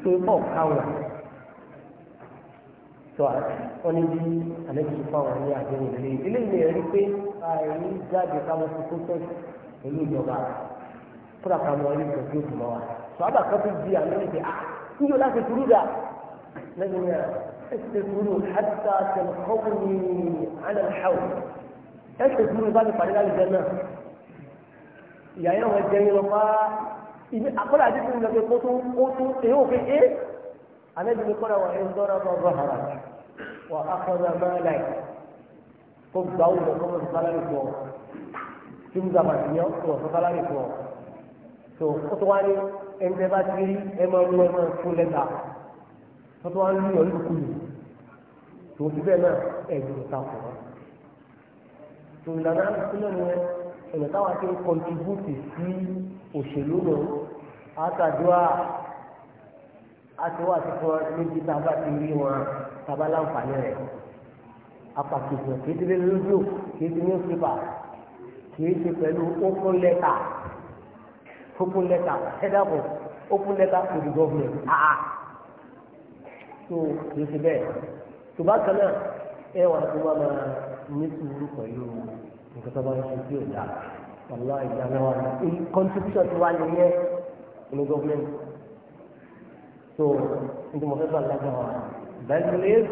pé ọ̀ káwọn tó wọn ní bí àlejò fáwọn ní àdéhùn ilé ilé ìlú ẹ̀rí pé àìrí jáde káwọn ti kó tẹ̀sí pẹ̀lú ìjọba kódà káwọn rí ìtọ́jú òkú mọ́ wa tó àbà kan tó di àná ìdè à níjọ láti kúrú dà lẹ́yìn náà ẹsẹ̀ kúrú hàtà tẹ̀lẹ́kọ́wé ní àná ìhàwọ̀ ẹsẹ̀ kúrú bá mi pàdé láti jẹ ìyá yẹn wọn jẹ yín lọ fá àkọ́lá àdéhùn ìlọ́gbẹ́ kó tó kó tó àlejò ní kọ́ra wà ń dọ́ra bá zọ́hara wà á kọ́ra mẹ́lẹ̀ kó gbà ó lọ kọ́mọ sọ́kálárì pọ̀ tí mo gbàgbà sí yọ kọ́mọ sọ́kálárì pọ̀ tó ó wá ní ẹnjẹ bá ti rí ẹ máa mú ẹ máa fún lẹ́tà ó wá ní ìyọ̀ lùkù yìí tó fi bẹ́ẹ̀ náà ẹ̀yìn ìta kọ̀ wá tó ìlànà ìpínlẹ̀ ni ẹ̀yìn táwa ti ń kọ́ntribútì sí òṣèlú lọ àti wọ́n àti fún ọ níbi tá a bá ti rí wọn tá a bá láǹfààní rẹ̀ apàkìtì kìí ti lójú kìí ní òṣèpà kìí ti pẹ̀lú open letter open letter ẹ̀dàpọ̀ open letter to the government àà tó kìí ti bẹ́ẹ̀ tó bá kan náà ẹ wà tó bá máa ní sùúrù pẹ̀lú nǹkan tó bá ń ṣe tí ò dáa wàlúwà ìdáná wa ní contribution tí wàá nìyẹn ní government. so انت مفيدة لك بلغ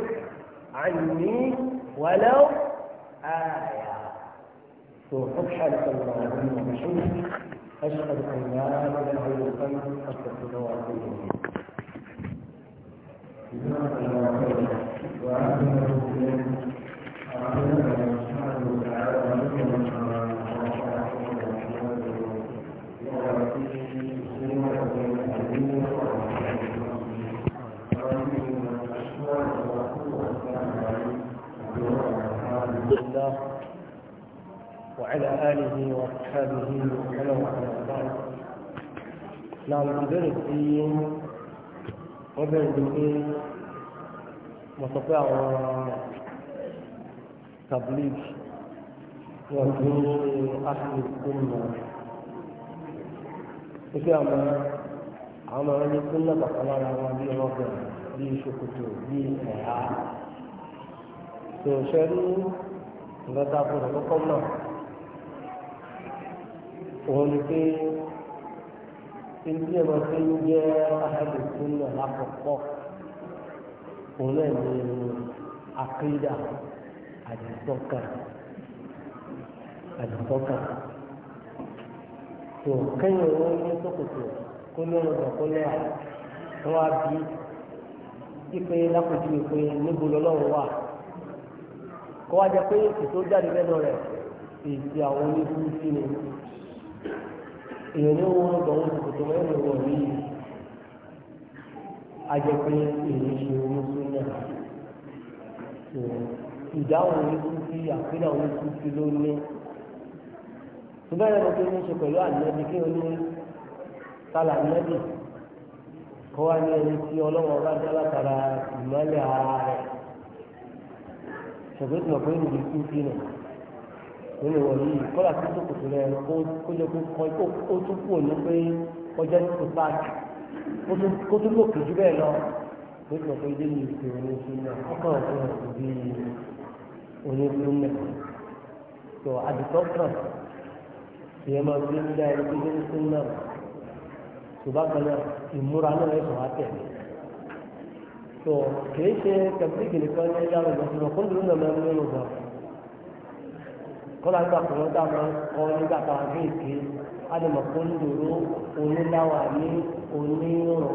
عني ولو آية so سبحانك اللهم وبحمدك أشهد أن لا إله إلا الله وحده لا شريك له وعلى آله وأصحابه ومن والاه نعم ìbéèrè tí wọ́n bẹ̀rẹ̀ bí pé mo sọ pé àwọn tablig wọn kì í ṣe áṣìlè kúnnà ó sì àwọn àwọn ọmọ ẹni kúnnà bàbá lára òun ni pé ilé wọn ti ń jẹ ahadu sunna lákòókò òun náà ní akéda àdìsọ́kà àdìsọ́kà tó kẹ́yìn wọn ní sọ́kòtò kó lóun ọ̀dọ̀ kó lẹ́yà wọn á bí ipe lápòjú ìpè níbo lọ́lọ́run wà kó wá jẹ pé èsì tó jáde lẹ́nu rẹ̀ èsì àwọn oníbúrú sí ni èèyàn ní wọn lọ àwọn ìkòkòtò mẹ́rin wọ̀ yìí a jẹ pé èyí ṣe oníṣẹ́ náà ìdáhùn oníṣẹ́ sí àpínlẹ̀ oníṣẹ́ sí ló ní tó bẹ́ẹ̀ lọ́wọ́ tó ní ṣe pẹ̀lú ànábi kí o ní sálà ànábi kọ́ wa ní ẹni tí ọlọ́wọ́n bá dá látara ìmọ́lẹ̀ ara rẹ̀ ṣògbé tí wọ́n kú sí náà nínú wọn yìí kọ́lá tó tó kòtò rẹ̀ kó jẹ́ kó kọ́ ó tún kúrò ní pé ọjọ́ tó páàkì kó tún gòkè jù bẹ́ẹ̀ lọ ló sọ pé ilé yìí ti wọn ní súnmọ́ ọkọ̀ ọ̀fun ọ̀sùn bí onísúnmọ́ tó àdìtọ́ kàn kì í máa gbé nílẹ̀ ẹni tó ní súnmọ́ tó bá kan náà ìmúra náà ẹ̀ sọ̀rọ̀ àtẹ̀lé tó kì í ṣe tẹ̀síkì nìkan ní yàrá ìgbàsọ̀rọ̀ kọ́lá nígbà kan lọ́dà máa ń kọ́ nígbà kan ní èké ádùmọ̀ kó ń lòró oníláwà ní onírọ̀rùn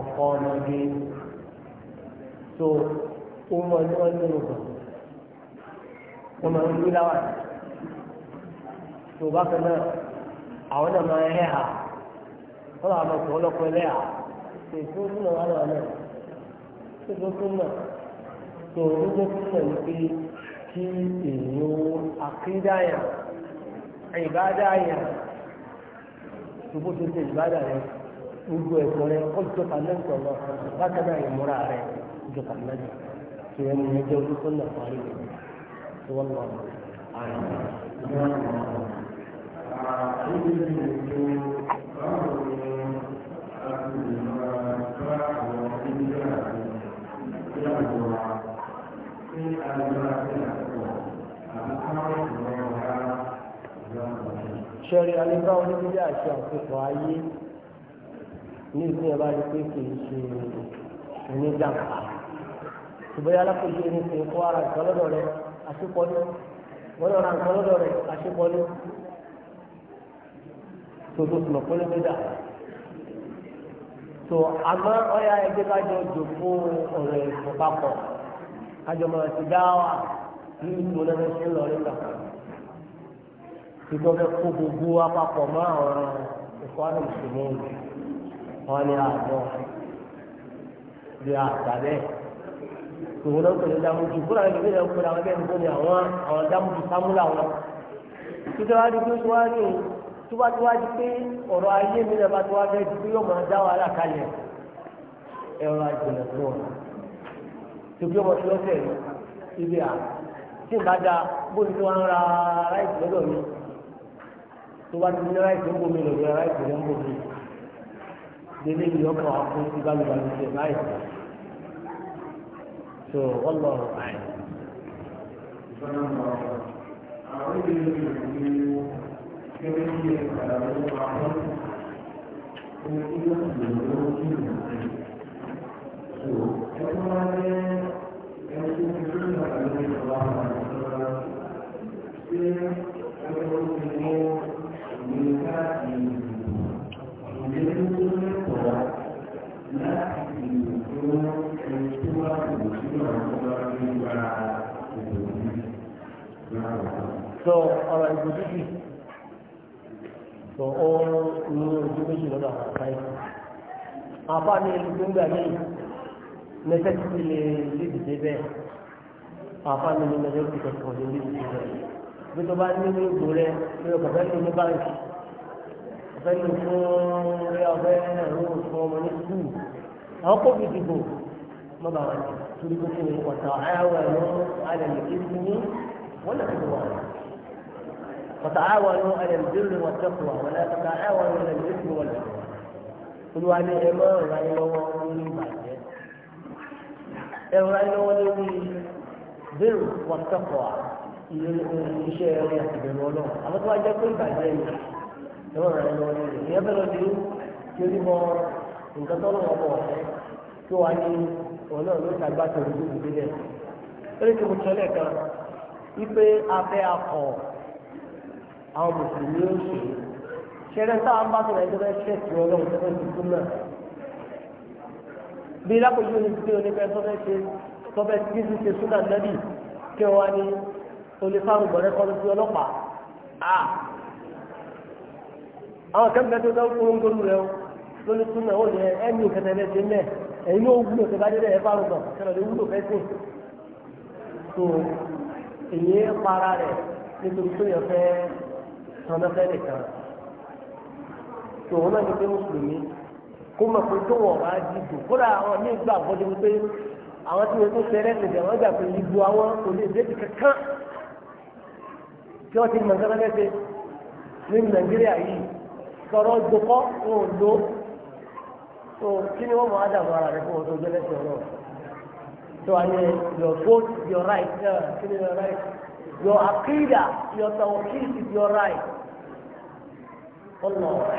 ọ̀kọ́ ọmọdé tó ó mọ ní ọdún rògbò ó máa ń lúláwà tó bákan náà àwọn náà máa ń hẹ́hà kọ́lá àwọn ọkọ̀ ọlọ́kọ̀ ẹlẹ́hà tó tó ń lọ wà lọ́wọ́ náà tó tó ń lọ tó tó ń lọ ní pé kí èèyàn àkídáyà ìbádáyà gbogbo tó ṣe ìbádà rẹ gbogbo ẹ̀kọ́ rẹ ọjọ́ pàlẹ́ǹtọ̀ lọ bákanáà ìmúra rẹ ọjọ́ pàlẹ́ǹtọ̀ tó yẹ ní ẹjọ́ ojú tó nà parí tó wọ́n lọ àrùn. Thank you ṣẹ̀rí alẹ́gbá oníbílé àti àkókò ayé ní ìlú ẹ̀bá rí pé kì í ṣe oníjàmbá ṣùgbọ́n alákòóso ẹni fi kó ara nǹkan lọ́dọ̀ rẹ̀ àṣepọ̀ ní wọ́n lọ́ra nǹkan lọ́dọ̀ rẹ̀ àṣepọ̀ ní tòótọ́ tó lọ pé ló méjà tó àmọ́ ọ̀ya ẹgbẹ́ bá jọ jòkó ọ̀rọ̀ ìfọ̀pápọ̀ àjọmọ̀ ti dá wà ní ìlú lẹ́nu ṣe ń lọ rí kàkà ìgbọ́fẹ́ kó gbogbo apapọ̀ mọ́ àwọn ẹ̀kọ́ àti mùsùlùmí wọn ni àjọ bí àtàlẹ́ ìwọ́n náà pẹ̀lú dámújú fúnra ẹni nílẹ̀ ọkùnrin àwọn ẹgbẹ́ nìkan ni àwọn àwọn dámújú sámúlà wọn títí wá di pé tí wá ní tí wá tí wá di pé ọ̀rọ̀ ayé mi náà bá tí wá fẹ́ di pé yóò máa dá wàhálà kalẹ̀ ẹ̀rọ àjùmọ̀ fún wọn tòbí ọmọ tí lọ́sẹ̀ yìí ibi à tí n bá da bó ti wá ń ra ráìsì lọ́dọ̀ mi tó bá ti ní ráìsì ń bomi lọ́dọ̀ ráìsì rẹ̀ ń bomi délé yìí ọkàn wa fún ti bá mi bá mi ṣe ráìsì tó wọ́n lọ rọ̀ àyè. Àwọn ìdílé so ọ̀rọ̀ ìbò títì so ó ní ojú méjì lọ́dọ̀ àwọn àpáyé àpá ní ìlú gbígbà ní ìlú necessity lè lébi débẹ̀ àfáàní ní necessity kọ̀ọ̀kan lè lébi débẹ̀ bí tó bá ní ní ìgbò rẹ ní ọkọ̀ fẹ́ lò ní báńkì ọ̀fẹ́ lò fún rẹ ọ̀fẹ́ ẹ̀rọ fún ọmọ ní skul àwọn kò fi dìbò mọ́ bá wà ní torí pé kí ni ọ̀tà àyàwó ẹ̀rọ alẹ́ lè ké sí ní wọ́n lè fi wà ní. وتعاونوا على البر والتقوى ولا تتعاونوا على الاثم والعدوان قل وعليه ما وعليه ẹ̀rọ ayọ́wọ́ lórí bẹ́ẹ̀rù wàtẹ́kọ̀ọ́ iṣẹ́ ẹ̀rọ àti ìbẹ̀rù ọlọ́run àwọn tó wá jẹ́ pé ìbàjẹ́ yìí ẹ̀rọ ayọ́wọ́ lórí ìyẹn bẹ́ẹ̀ lọ́dún tí ó ní mọ nǹkan tó lọ́wọ́ bọ̀ ọ̀fẹ́ tó wá ní ọlọ́run ló tàgbà tó ní gbogbo délẹ̀ lórí tí mo sọ lẹ́ẹ̀kan wípé afẹ́ akọ̀ àwọn mùsùlùmí ó ṣe ṣẹlẹ̀ táwọn bá tó bí lápòjú ní ti onífẹ́ tọ́fẹ́ ṣe tọ́fẹ́ tí ti ṣe súnà nẹ́bì kí wọ́n ní olùfàrùn bọ̀rẹ́ kọ́lu sí ọlọ́pàá a àwọn kẹ́mìkẹ́ tó dá kúrúngúrú rẹ o lórí súnà ó yẹ ẹni ìkẹtẹ rẹ ṣe mẹ́ ẹ̀yin ló wúlò tó bá dé rẹ̀ fàrùn bọ̀ kẹlẹ̀ ló wúlò fẹ́sìn tó èyí para rẹ̀ nítorí tó yẹ fẹ́ tọ́nà fẹ́ nìkan tó wọn náà ní pé mùsùlùmí kó mọ̀ pé tó wọ̀ wá dìbò kódà àwọn ní ìgbà àbọ̀dé wípé àwọn tí wọ́n tó fẹ́rẹ́ tẹ̀lé àwọn ìgbà pé ìbò àwọn kò lè débi kankan tí wọ́n ti mọ̀ nǹkan lẹ́sẹ̀ ní Nàìjíríà yìí sọ̀rọ̀ gbòkọ́ wọn ò lò ó kí ni wọ́n mọ̀ ádàmú ara rẹ̀ fún ọdún ọjọ́lẹ́sẹ̀ ọ̀rọ̀ so àyè your vote your right uh, kí ni your right your akida your tawakil is your right. Allah.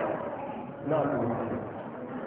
Not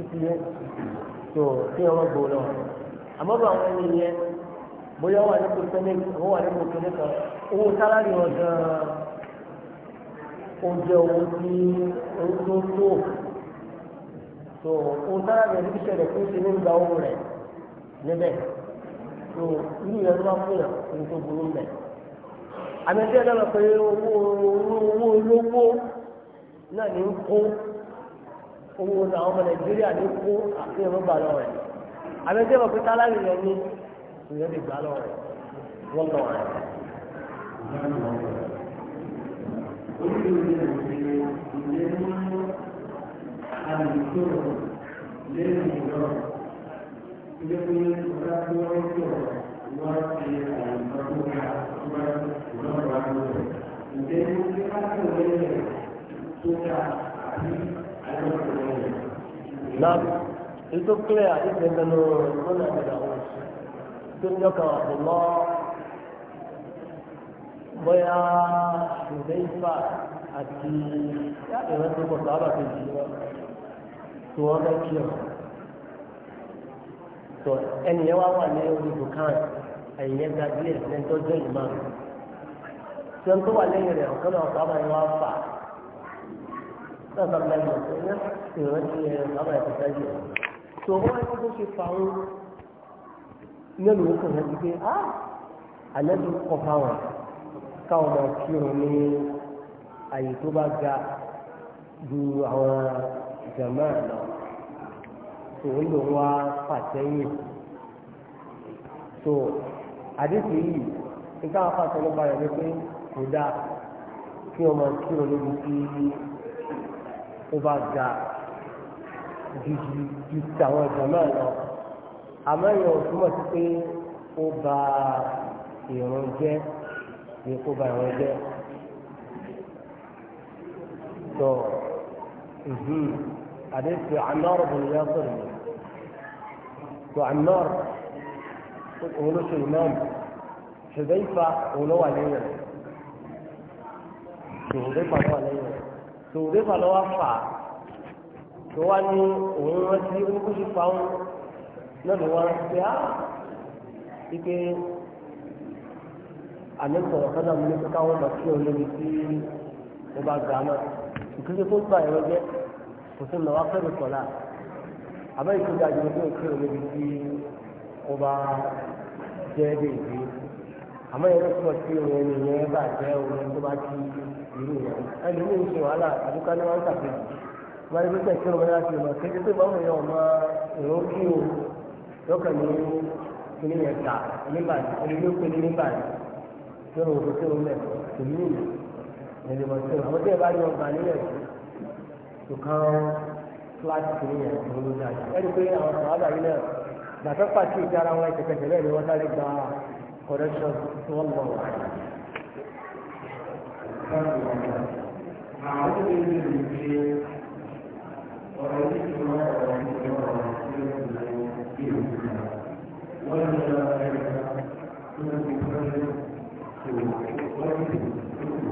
títí yẹ tó kí ọmọ gbòó lọ àmọ́ bá àwọn ẹni yẹ bóyá wà nípò tẹ́lẹ̀ wọ́n wà nípò tẹ́lẹ̀ kan owó sálárì wọn gan-an ó jẹ́ owó tí ó tó tó tó owó sálárì wọn ti ṣẹlẹ̀ tó ṣe ní ìgbà owó rẹ̀ níbẹ̀ tó irú yẹn ló bá fún yàn ní tó burú mẹ́. àmì ẹgbẹ́ náà pé owó olówó náà ní kó owó ní àwọn ọmọ nàìjíríà ní kó àfihàn ló gbà lọ rẹ àbẹ̀tẹ̀ wọn pé tálárì rẹ ní ìyẹn lè gbà lọ rẹ wọ́n lọ rẹ. Thank you náà ètò kílẹ̀ àdìsẹ́ mẹ́nu lọ́nà àgbàdo àwọn oṣù tó ń yọkàn àpò lọ bóyá ìwé ìfà àti ìrẹ́ tó pọ̀ sábà kejì wọn tí wọ́n fẹ́ kí ọ̀ tó ẹnìyẹn wá wà ní orí bùkán ẹ̀yìn ga díẹ̀ lẹ́ńtọ́jọ́ ìmáà tí wọ́n tó wà sọ́dọ̀ ọ̀la ìmọ̀ tó yẹ ìrántí ẹ̀ bàbá ẹ̀ tẹ̀sán yìí. tó wọ́n ẹ̀ tó ṣe fa wọn mẹ́rin ó kàn láti pé á alẹ́ tó kọ́ fáwọn káwọn máa kírun ní àyè tó bá ga ju àwọn jàmá lọ tòun ló wá fàtẹ́yìn tó àdéhùn yìí nígbà wọn fàtẹ́ nípa rẹ̀ pé kò dáa kí wọn máa kírun níbi tí ó bá ga gidi ju ti àwọn ìgbà náà lọ àmọ́ ìyẹn ò túmọ̀ sí pé ó bà ìrun jẹ́ ní kó bà ìrun jẹ́ tó àdéhùn àmọ́rọ̀ bò ní yàtọ̀ nìyẹn tó àmọ́rọ̀ òun ló ṣe ìmáàmù ṣùgbọ́n ìfà òun ló wà lẹ́yìn rẹ̀ ṣùgbọ́n ìfà ló wà lẹ́yìn rẹ̀ tòwúrẹ́ fà lọ́wọ́ fà tó wá ní òun wọn ti oníkó ti fa òun náà ló wá ṣe á ah! ike àlẹ́sọ̀rọ̀ kọ́dà mi ní kí káwọn lọ sí olómi tí ó bá ga náà ìkéde tó gba ẹ̀rọ jẹ́ kò sí lọ́wọ́ fẹ́rẹ̀ sọ̀la àbẹ́ ìkéde àjẹmọ́ tó ń kí olómi tí ó bá jẹ́ déédéé àmọ́ ẹ̀rọ tí wọ́n ti rìn ẹni yẹn bá jẹ́ omi tó bá ti irú yẹn ẹni ní ìṣe wàhálà àdúgbò ni wọ́n ń tàbí wọ́n ti tẹ̀ kírun bẹ́ẹ̀ láti mọ̀ kéde tó báwọn èèyàn ọmọ èrò kí o lọ́kàn ní kíní yẹn ta níbàdí ẹni ló pe níbàdí tó ló fi kírun bẹ́ẹ̀ tó ní ìlú ẹni mọ̀ kírun àwọn tí ẹ bá ní ọgbà nílẹ̀ tó kàn fúláàtì kíní yẹn ló dáa correction والله أعلم Thank you.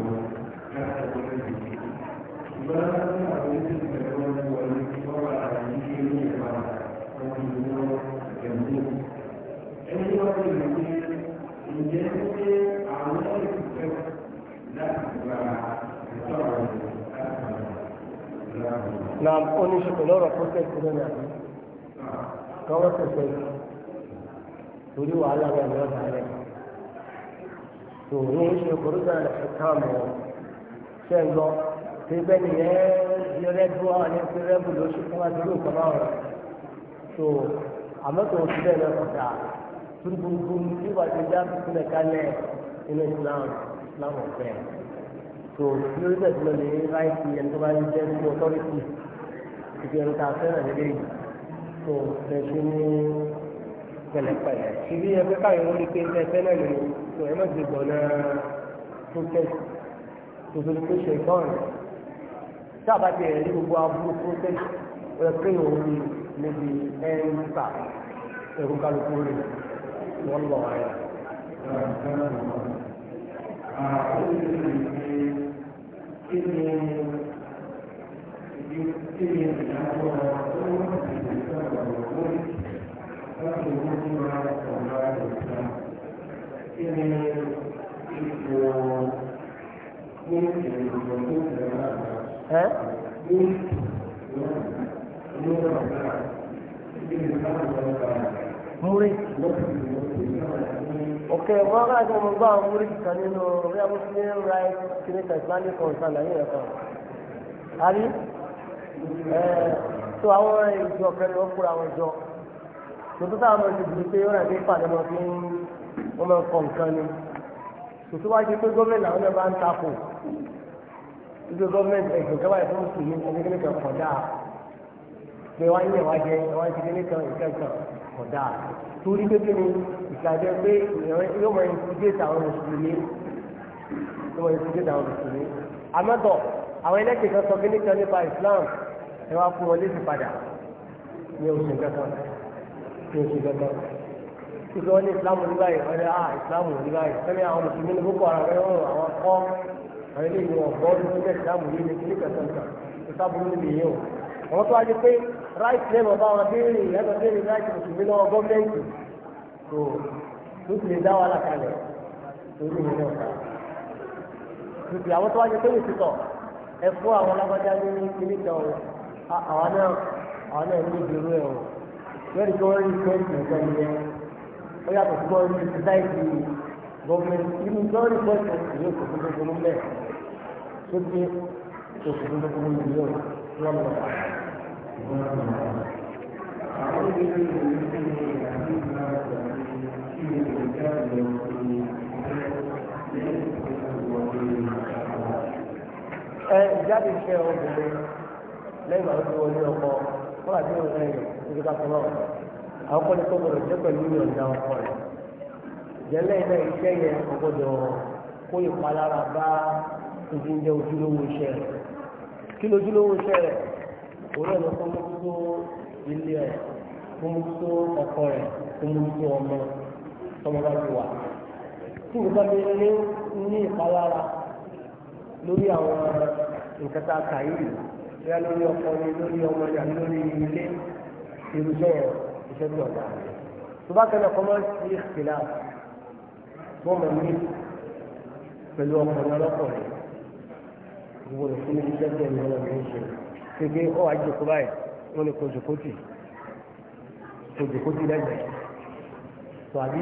ìjẹ́ pé àwọn ìfẹ́ láti gba ìtọ́ àwọn ìfẹ́ na oníṣègùn lọ́rọ̀ protest lónìí àbí kọ́wọ́ tẹ̀sẹ̀ torí wàhálà rẹ̀ ní ọ̀dà rẹ̀ tó ní ṣe kòrónà ẹ̀ka mọ̀ ṣẹ́ ń lọ tí bẹ́ẹ̀ nìyẹn di rẹ́bù àwọn ẹni tí rẹ́bù ló ṣe fún wa dúró nǹkan tó gbogbo tí wàá ti dá sílẹ̀ kálẹ̀ inú islam islam ọ̀fẹ́ tó lórí bẹ̀rẹ̀ lọ lè ráìtì ẹni tó bá ń jẹ́ sí ọtọ́rìtì ìfi ẹni tá a fẹ́ràn lé léyìí tó fẹ́ṣẹ́ ní pẹ̀lẹ́pẹ̀lẹ́ ìdí ẹgbẹ́ káyọ̀ wọlé pé ń tẹ́tẹ́ náà nìyẹn tó ẹ má ti gbọ̀ náà tó tẹ̀sí tó tó tó ṣe ìtọ́rìn tá a bá ti rí gbogbo aburú tó tẹ̀sí ẹ pé òun níbi ẹ̀ ń ta ẹ̀rù kálukú rẹ̀. والله أعلم Thank you múrí. ọ̀kẹ́ wọn bá jẹ́ mo gbá múrí kan nínú orí abúlé ra kìnìkà islamic concern àyè rẹ̀ kan. àbí tó àwọn ìjọ kan ni wọ́n kóra wọn jọ. tòótọ́ táwọn ọmọ ìdìbò pé ó rà ní ìpàdé wọn fi ń wọ́n máa ń kọ nǹkan ni. tòótọ́ wájú pé gómìnà àwọn náà bá ń takò ibi gọọmenti ẹgbẹ́ kaba ẹfọ mùsùlùmí ẹni kí ni kan kọjá pé wọn yẹ wọn jẹ kí ni kan ìkẹkàn kọ̀dá torí pé kí ni ìgbàjẹ́ pé yóò mọ ìfúdéta àwọn mùsùlùmí yóò mọ ìfúdéta àwọn mùsùlùmí àmọ́tọ̀ àwọn ẹlẹ́kìn kan sọ kí ní kan nípa Islam ẹ wá fún wọn létí padà ní oṣù kankan ní oṣù kankan ìgbà wọn ní Islam ní báyìí wọn ní à ah, Islam ní báyìí sẹ́ni àwọn mùsùlùmí ní boko haram ẹ̀rọ àwọn kọ́ àwọn ilé ìwọ̀n bọ́ọ̀lù ní Islam yìí ní kíní àwọn tó wájú pé right lẹ́mọ̀ bá wọn béèrè ẹ̀mọ̀ béèrè right mùsùlùmí lọ́wọ́ gọ́ọ̀mẹ́ǹtì tó tó ti lè dá wàhálà kalẹ̀ lórí ìwé náà kan. tùtù àwọn tó wájú pé ìsìtọ̀ ẹ fún àwọn alágbájá ní ilé ìtàn o àwọn náà àwọn náà ní ìdúró ẹ̀ o lórí kí wọ́n rí ìfẹ́ǹtì nǹkan yẹn ó yàtọ̀ sí wọ́n rí ìsáìtì government. inú lórí ìfẹ́ǹtì yóò kò fún gbogbo mú bẹ́ẹ̀ tó ti kò fún gbogbo mú bẹ́ẹ̀ lọ́wọ́ ẹ jáde fẹ́ obìnrin lẹ́yìn àwọn tó wọlé ọkọ fún àti òun ẹ̀yìn níbi ká sọ̀rọ̀ àwọn kọ́ni tó gbọdọ̀ jẹ́ pẹ̀lú ìyọ̀ǹda ọkọ rẹ̀ jẹ́lẹ̀ náà iṣẹ́ yẹn kò kó ìpalára bá ojúlówó iṣẹ́ rẹ̀ kí lójúlówó iṣẹ́ rẹ̀ òun ẹ̀rọ kan mú tó ilé ẹ̀ kó mú tó ọkọ rẹ̀ kó mú tó ọmọ tọmọ bá ti wà. tí nǹkan mi ní ní ìpalára lórí àwọn nǹkan tá a kà yìí bóyá lórí ọkọ ni lórí ọmọ ni àbí lórí ilé irúṣẹ́ yẹn iṣẹ́ bí ọ̀gá. tó bá kẹ́lẹ́ kọ́ máa ń ṣe ìṣẹ̀lá tó mọ̀ ní pẹ̀lú ọkùnrin ọlọ́kùnrin ìwòlùfún iṣẹ́ bí ẹ̀mí ọlọ́run ń ṣègbè ọ wá jòkó báyìí wọn ni kò jòkó tì kò jòkó tì lẹ́gbẹ̀ẹ́ tàbí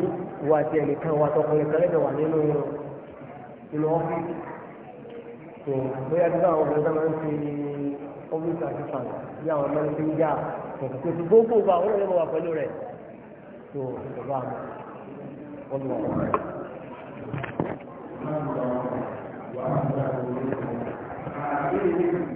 wà tí ẹnìkan wà tọkùnrin kan lẹ́gbẹ̀ẹ́ wà nínú nínú ọ́fíìsì tó bóyá bí báwọn ọmọdé máa ń fi ọ́fíìsì àti fàn bí àwọn ọmọdé ti ń yá kòtò kòtò gbogbo bá àwọn ọmọdé wà pẹ̀lú rẹ̀ tó ìjọba àmọ́ wọn wọn wà. Thank you.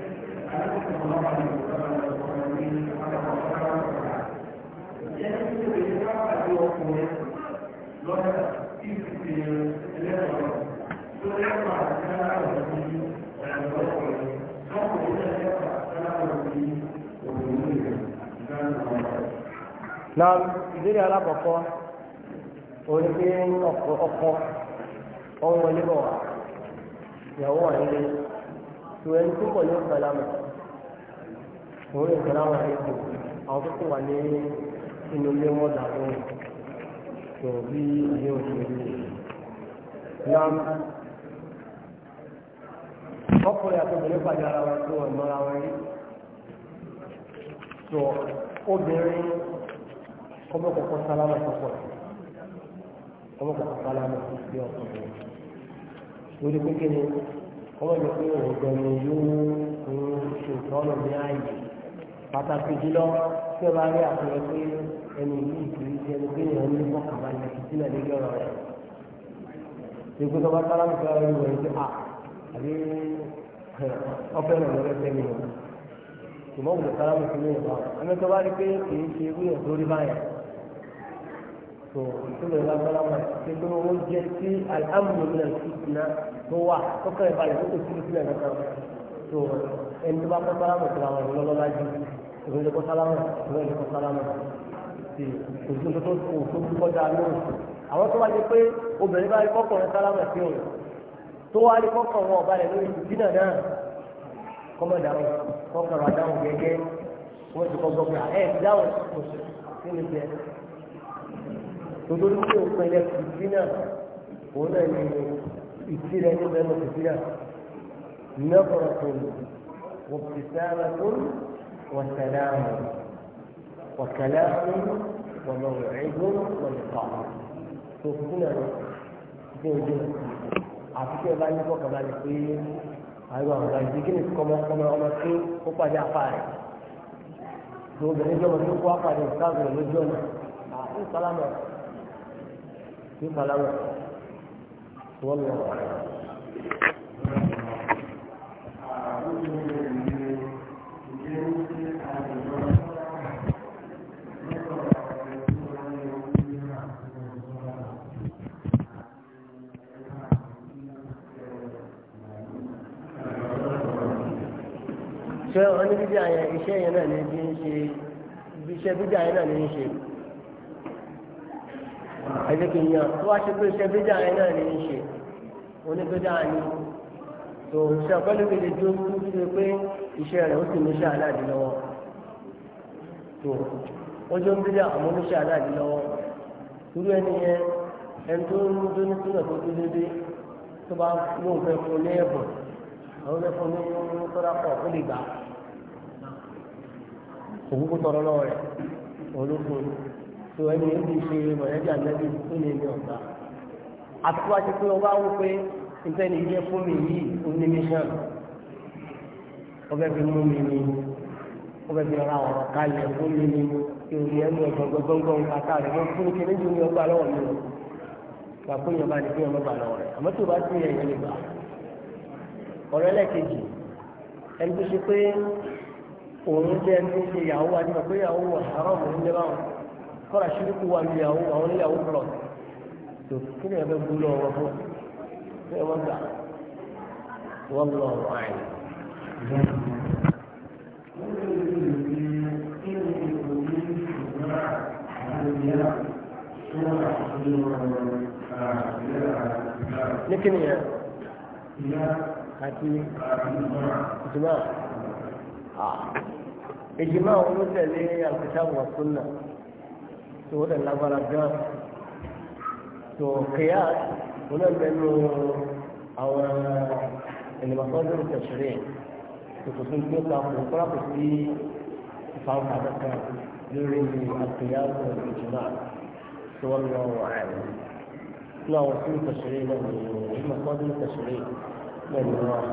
na ìbéèrè alákọ̀ọ́kọ́ òní pé ọkọ̀ ọkọ̀ ọ̀hún ìyàwó wà nílé tó ẹni tó pọ̀ ní ọ̀sán òun ìṣẹ́ láwọn àìsàn àwọn tó kù wà ní inú ilé wọn dàbọ̀ tó bí ilé òṣèlú lam ọkùnrin àti obìnrin pàdé ara wọn tó wọn mọ́ra wọn rí tó obìnrin ọmọkọ̀kọ̀ sálámà púpọ̀ ọmọkọ̀kọ̀ sálámà sí ọkùnrin lórí pé kí ni ọmọ mi pé òun gan ni yóò ń ṣe ìtọ́nà ní ààyè pàtàkì jùlọ tí o bá rí àpẹẹrẹ pé ẹni yìí kì í ṣe ẹni pé èèyàn ní mọ́kànlá ìfìsílẹ̀ lórí ọ̀rọ̀ rẹ̀ ìgbé tó bá sára ń sọ ẹni wọ̀nyí pé a àbí ọ̀fẹ́ rẹ̀ lọ́rẹ́ sẹ́mi o ìmọ̀ òun sára ń sọ ẹni wọ̀nyí pa ẹni tó bá rí pé kì í ṣe irú èèyàn tó rí báyà tó ìṣòro ìlà sára ṣe tó wà tó sí ìsìnà ẹni tó bá kọ́ sára ń sọ àwọn ìlọ́lọ́lá jù òun lè kọ́ sálámà òun lè kọ́ sálámà sí òun tó òun tó kọjá lóhùn àwọn tó wá tu. pé obìnrin bá rí kọ́kọ̀ọ́rin sálámà sí òun tó wá rí kọ́kọ̀ọ́rin ọ̀bá rẹ̀ lórí ìdínà náà kọ́mọ̀dáwọ̀ kọ́kọ̀ọ́rin àdáhùn gẹ́gẹ́ wọ́n ti kọ́ gbọ́ pé ẹ̀ dáhùn kí ni bẹ́ẹ̀ tòlórí pé òpin ilẹ̀ kìtìnà òun náà ní ìtìrẹ níbẹ̀ lọ kìtìnà nẹ́kọ̀ọ́ tó wọ́n ti sáárà tó وسلام وكلام وموعد ولقاء تفكنا جوجو àfikún ẹ̀ bá ní fọkàn balẹ̀ pé àwọn àwọn àgbà kí ni kọ́mọ kọ́mọ ọmọ tó ó pàdé apá rẹ̀ tó obìnrin jọmọ tó kó apàdé ìsáàbù lójú ọ̀nà àti ìpalamọ̀ ní ìpalamọ̀ wọ́n lọ. bíbí àyàn iṣẹ́ yẹn náà ní bí ń ṣe iṣẹ́ bíbí àyàn náà ní ń ṣe ẹ̀jẹ̀ kì í yàn tó wá ṣe pé iṣẹ́ bíbí àyàn náà ní ń ṣe onígbèdá ni tó ṣe ọ̀pẹ́lẹ́ mi lè dúró kú ṣe pé iṣẹ́ rẹ̀ ó sì ní iṣẹ́ aláàdì lọ́wọ́ tó ó jọ ń bídà àmọ́ ní iṣẹ́ aláàdì lọ́wọ́ irú ẹni yẹn ẹni tó ń dún ní sílẹ̀ tó dún dédé tó bá lóun fẹ́ fún ní ẹ̀bùn àwọn fẹ́ ní tọ́lá pọ̀ fún lè gbà á òun kò tọrọ lọ́wọ́ rẹ̀ olókun tó ẹni yẹn ti ṣe mọ̀lẹ́bí ànábì tó lè ní ọ̀gá àtiwájú pé ọba wò pé níta ni ilé fún mi yìí oní mission ọbẹ̀ fi mú mi ni ọbẹ̀ fi ra ọ̀rọ̀ kalẹ̀ fún mi ni ìròyìn ẹnu ẹ̀gbọ́n gbọ́ngbọ́n kàtà rẹ̀ wọ́n fún kí níbi ní ọgbà lọ́wọ́ mi o wà fún yọba ní fún ọgbà lọ́wọ́ rẹ̀ àmọ́ tó bá tún yẹ ìyẹn lè gbà ọ̀rọ̀ ẹlẹ́kejì ẹni tó ṣe pé òun jẹ́ ní ṣe ìyàwó wa nígbà pé ìyàwó wọ̀ àárọ̀ mò ń lé báwọn kọ́ra ṣíríkù wa ní ìyàwó àwọn oníyàwó kọ̀rọ̀ tó kí ni ẹ̀fẹ́ gbúlọ̀ ọ̀rọ̀ fún ṣé wọ́n gbà wọ́n lọ ọ̀rọ̀ àyè. ní kí ni yẹn àti ìtumọ̀ ìjìmá àwọn olóṣèlú àkùsáwò ọ̀túnà tó wọ́n dẹ̀ lágbára gan tó kéyà olóògbẹ́nu àwọn ènìyàn tẹ̀sírẹ̀ tòkò tó ń gbé ta kò kọ́ra kò sí ìfàǹfà kankan lórí àkùyàwó ìjìmá tó wọ́n lọ wọ̀ àyè nínú àwọn tó ń tẹ̀sírẹ̀ náà ní ìmọ̀kọ́dún tẹ̀sírẹ̀ náà ní wọ́n.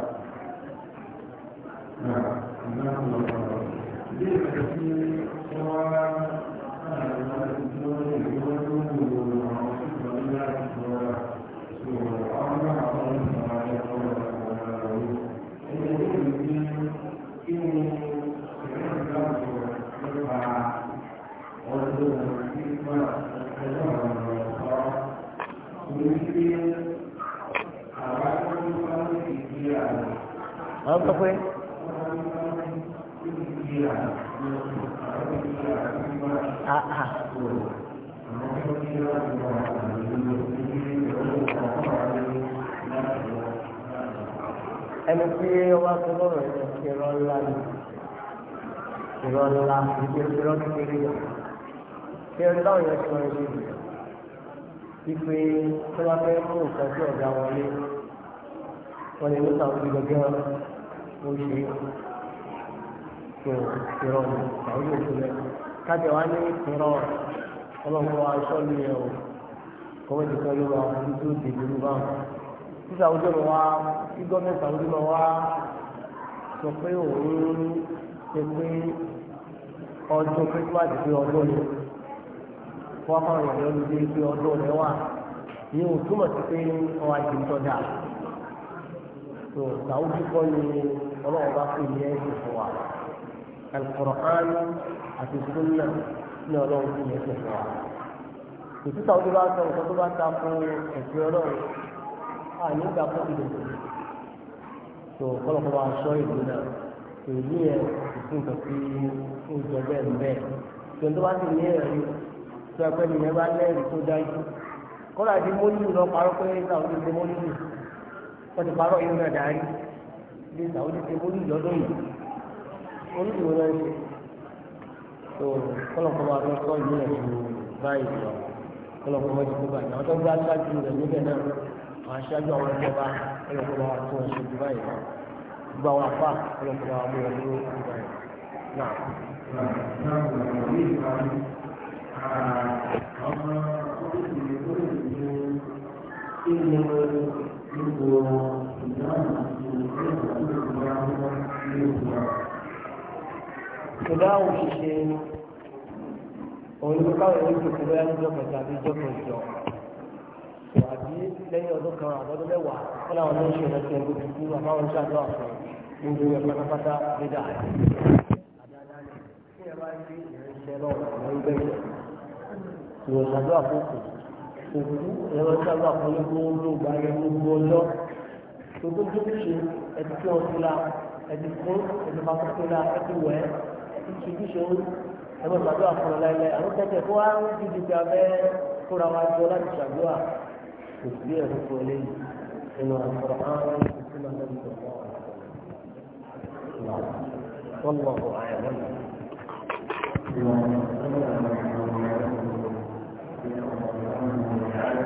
Vamos ẹni tí ọba tó lọ́rọ̀ ẹ̀ ṣe rọ́ ni ìrọ̀ ńlá ìgbé ìrọ̀ kékeré ṣé ń dáhùn yẹn sọ ẹ̀ lórí wípé tó bá fẹ́ mú nǹkan sí ọ̀dà wọlé wọ́n lè ní sàwọn ìgbẹ́jọ́ ó ṣe é tó ìrọ̀ àwọn yòókù kájọ wá ní ìrọ̀ ọlọ́run wa aṣọ mi yẹ o kọ́wé ti sọ lórí àwọn ibi tó dèbí ló bá wọn. títà ojú ọ̀rọ̀ wa tí gọ́ọ̀mẹ̀ntì àwọn ojú ọ̀rọ̀ sọ pé òun ṣe pé ọdún kírísímàsì pé ọdún ni wọ́n fáwọn èèyàn lọ́dún dé pé ọdún rẹ̀ wà ní òtúmọ̀ sí pé ọwọ́ àti ìtọ́jà tó sàwùjú kọ́ ni ọlọ́run bá pè ní ẹ̀sìn alukoran àti sunna ní ọlọ́run fún yẹn tẹ̀sán wa òtítà tó bá sọ nǹkan tó bá ta fún ẹ̀sìn ọlọ́run a ní ìgbà fún ìdòdò tó kọ́lọ́kọ́ bá sọ ìlú náà èyí yẹn ìsìn kan sí oúnjẹ bẹ́ẹ̀ bẹ́ẹ̀ tó ń tó bá sì ní ẹ̀rí tó ẹgbẹ́ nìyẹn bá lẹ́rìí tó dájú kọ́lá di mólíù lọ parọ́ pé sàwọ́dí ti mólíù wọ́n ti parọ́ irun náà dárí bí sàwọ́dí ti mólíù lọ́dún yìí onídùúró náà ń ṣe tó kọlọ̀kọ́ máa fi kọ́ ìlú rẹ̀ ju báyìí lọ kọlọ̀kọ́ máa ti kú báyìí àwọn tó gbá aṣáájú rẹ̀ níbẹ̀ náà àwọn aṣáájú àwọn ìjọba kọlọ̀kọ́ máa tó wọn ṣe ju báyìí lọ gbogbo àwọn afá kọlọ̀kọ́ máa mú wọn dúró ju báyìí náà. ọmọ oríṣiríṣi oríṣiríṣi kí ni gbogbo ìdáhùn àti ìgbésẹ̀ tó ń bá wọn ní ìgbà ìdá òṣìṣẹ́ òun ló káwọn ẹni tó kúrẹ́ lọ́jọ́ kẹta àbí ìjọ kẹjọ àbí lẹ́yìn ọdún kan àbọ̀dún mẹ́wàá fúnra wọn ló ń ṣe ìrántí ẹni tó kú àbáwọn iṣẹ́ àdúrà fún un gbogbo ẹ̀ pátápátá nídà ìwọ̀n ṣàdúrà fún kù òkú ẹ̀rọ ṣàdúrà fún ní kó ló gba ẹ̀ gbogbo ọjọ́ gbogbo tó ṣe ẹ̀dí tí wọ́n ti la ẹ̀dí fún ẹ̀dí bá tó la ẹ̀dí wẹ̀ ìṣèjúṣe ó ẹgbẹ́ ìgbàdúrà fún ọ láìláì àwọn tẹ̀tẹ̀ tó wá ń dídì tí a fẹ́ kóra wa jọ láti ṣàdúrà kò sí ẹ̀rọ fún eléyìí nínú àkọ́rọ̀ àwọn ìṣúná lẹ́yìn tó fọ́ wọn lọ bọ̀ àyàwó yìí.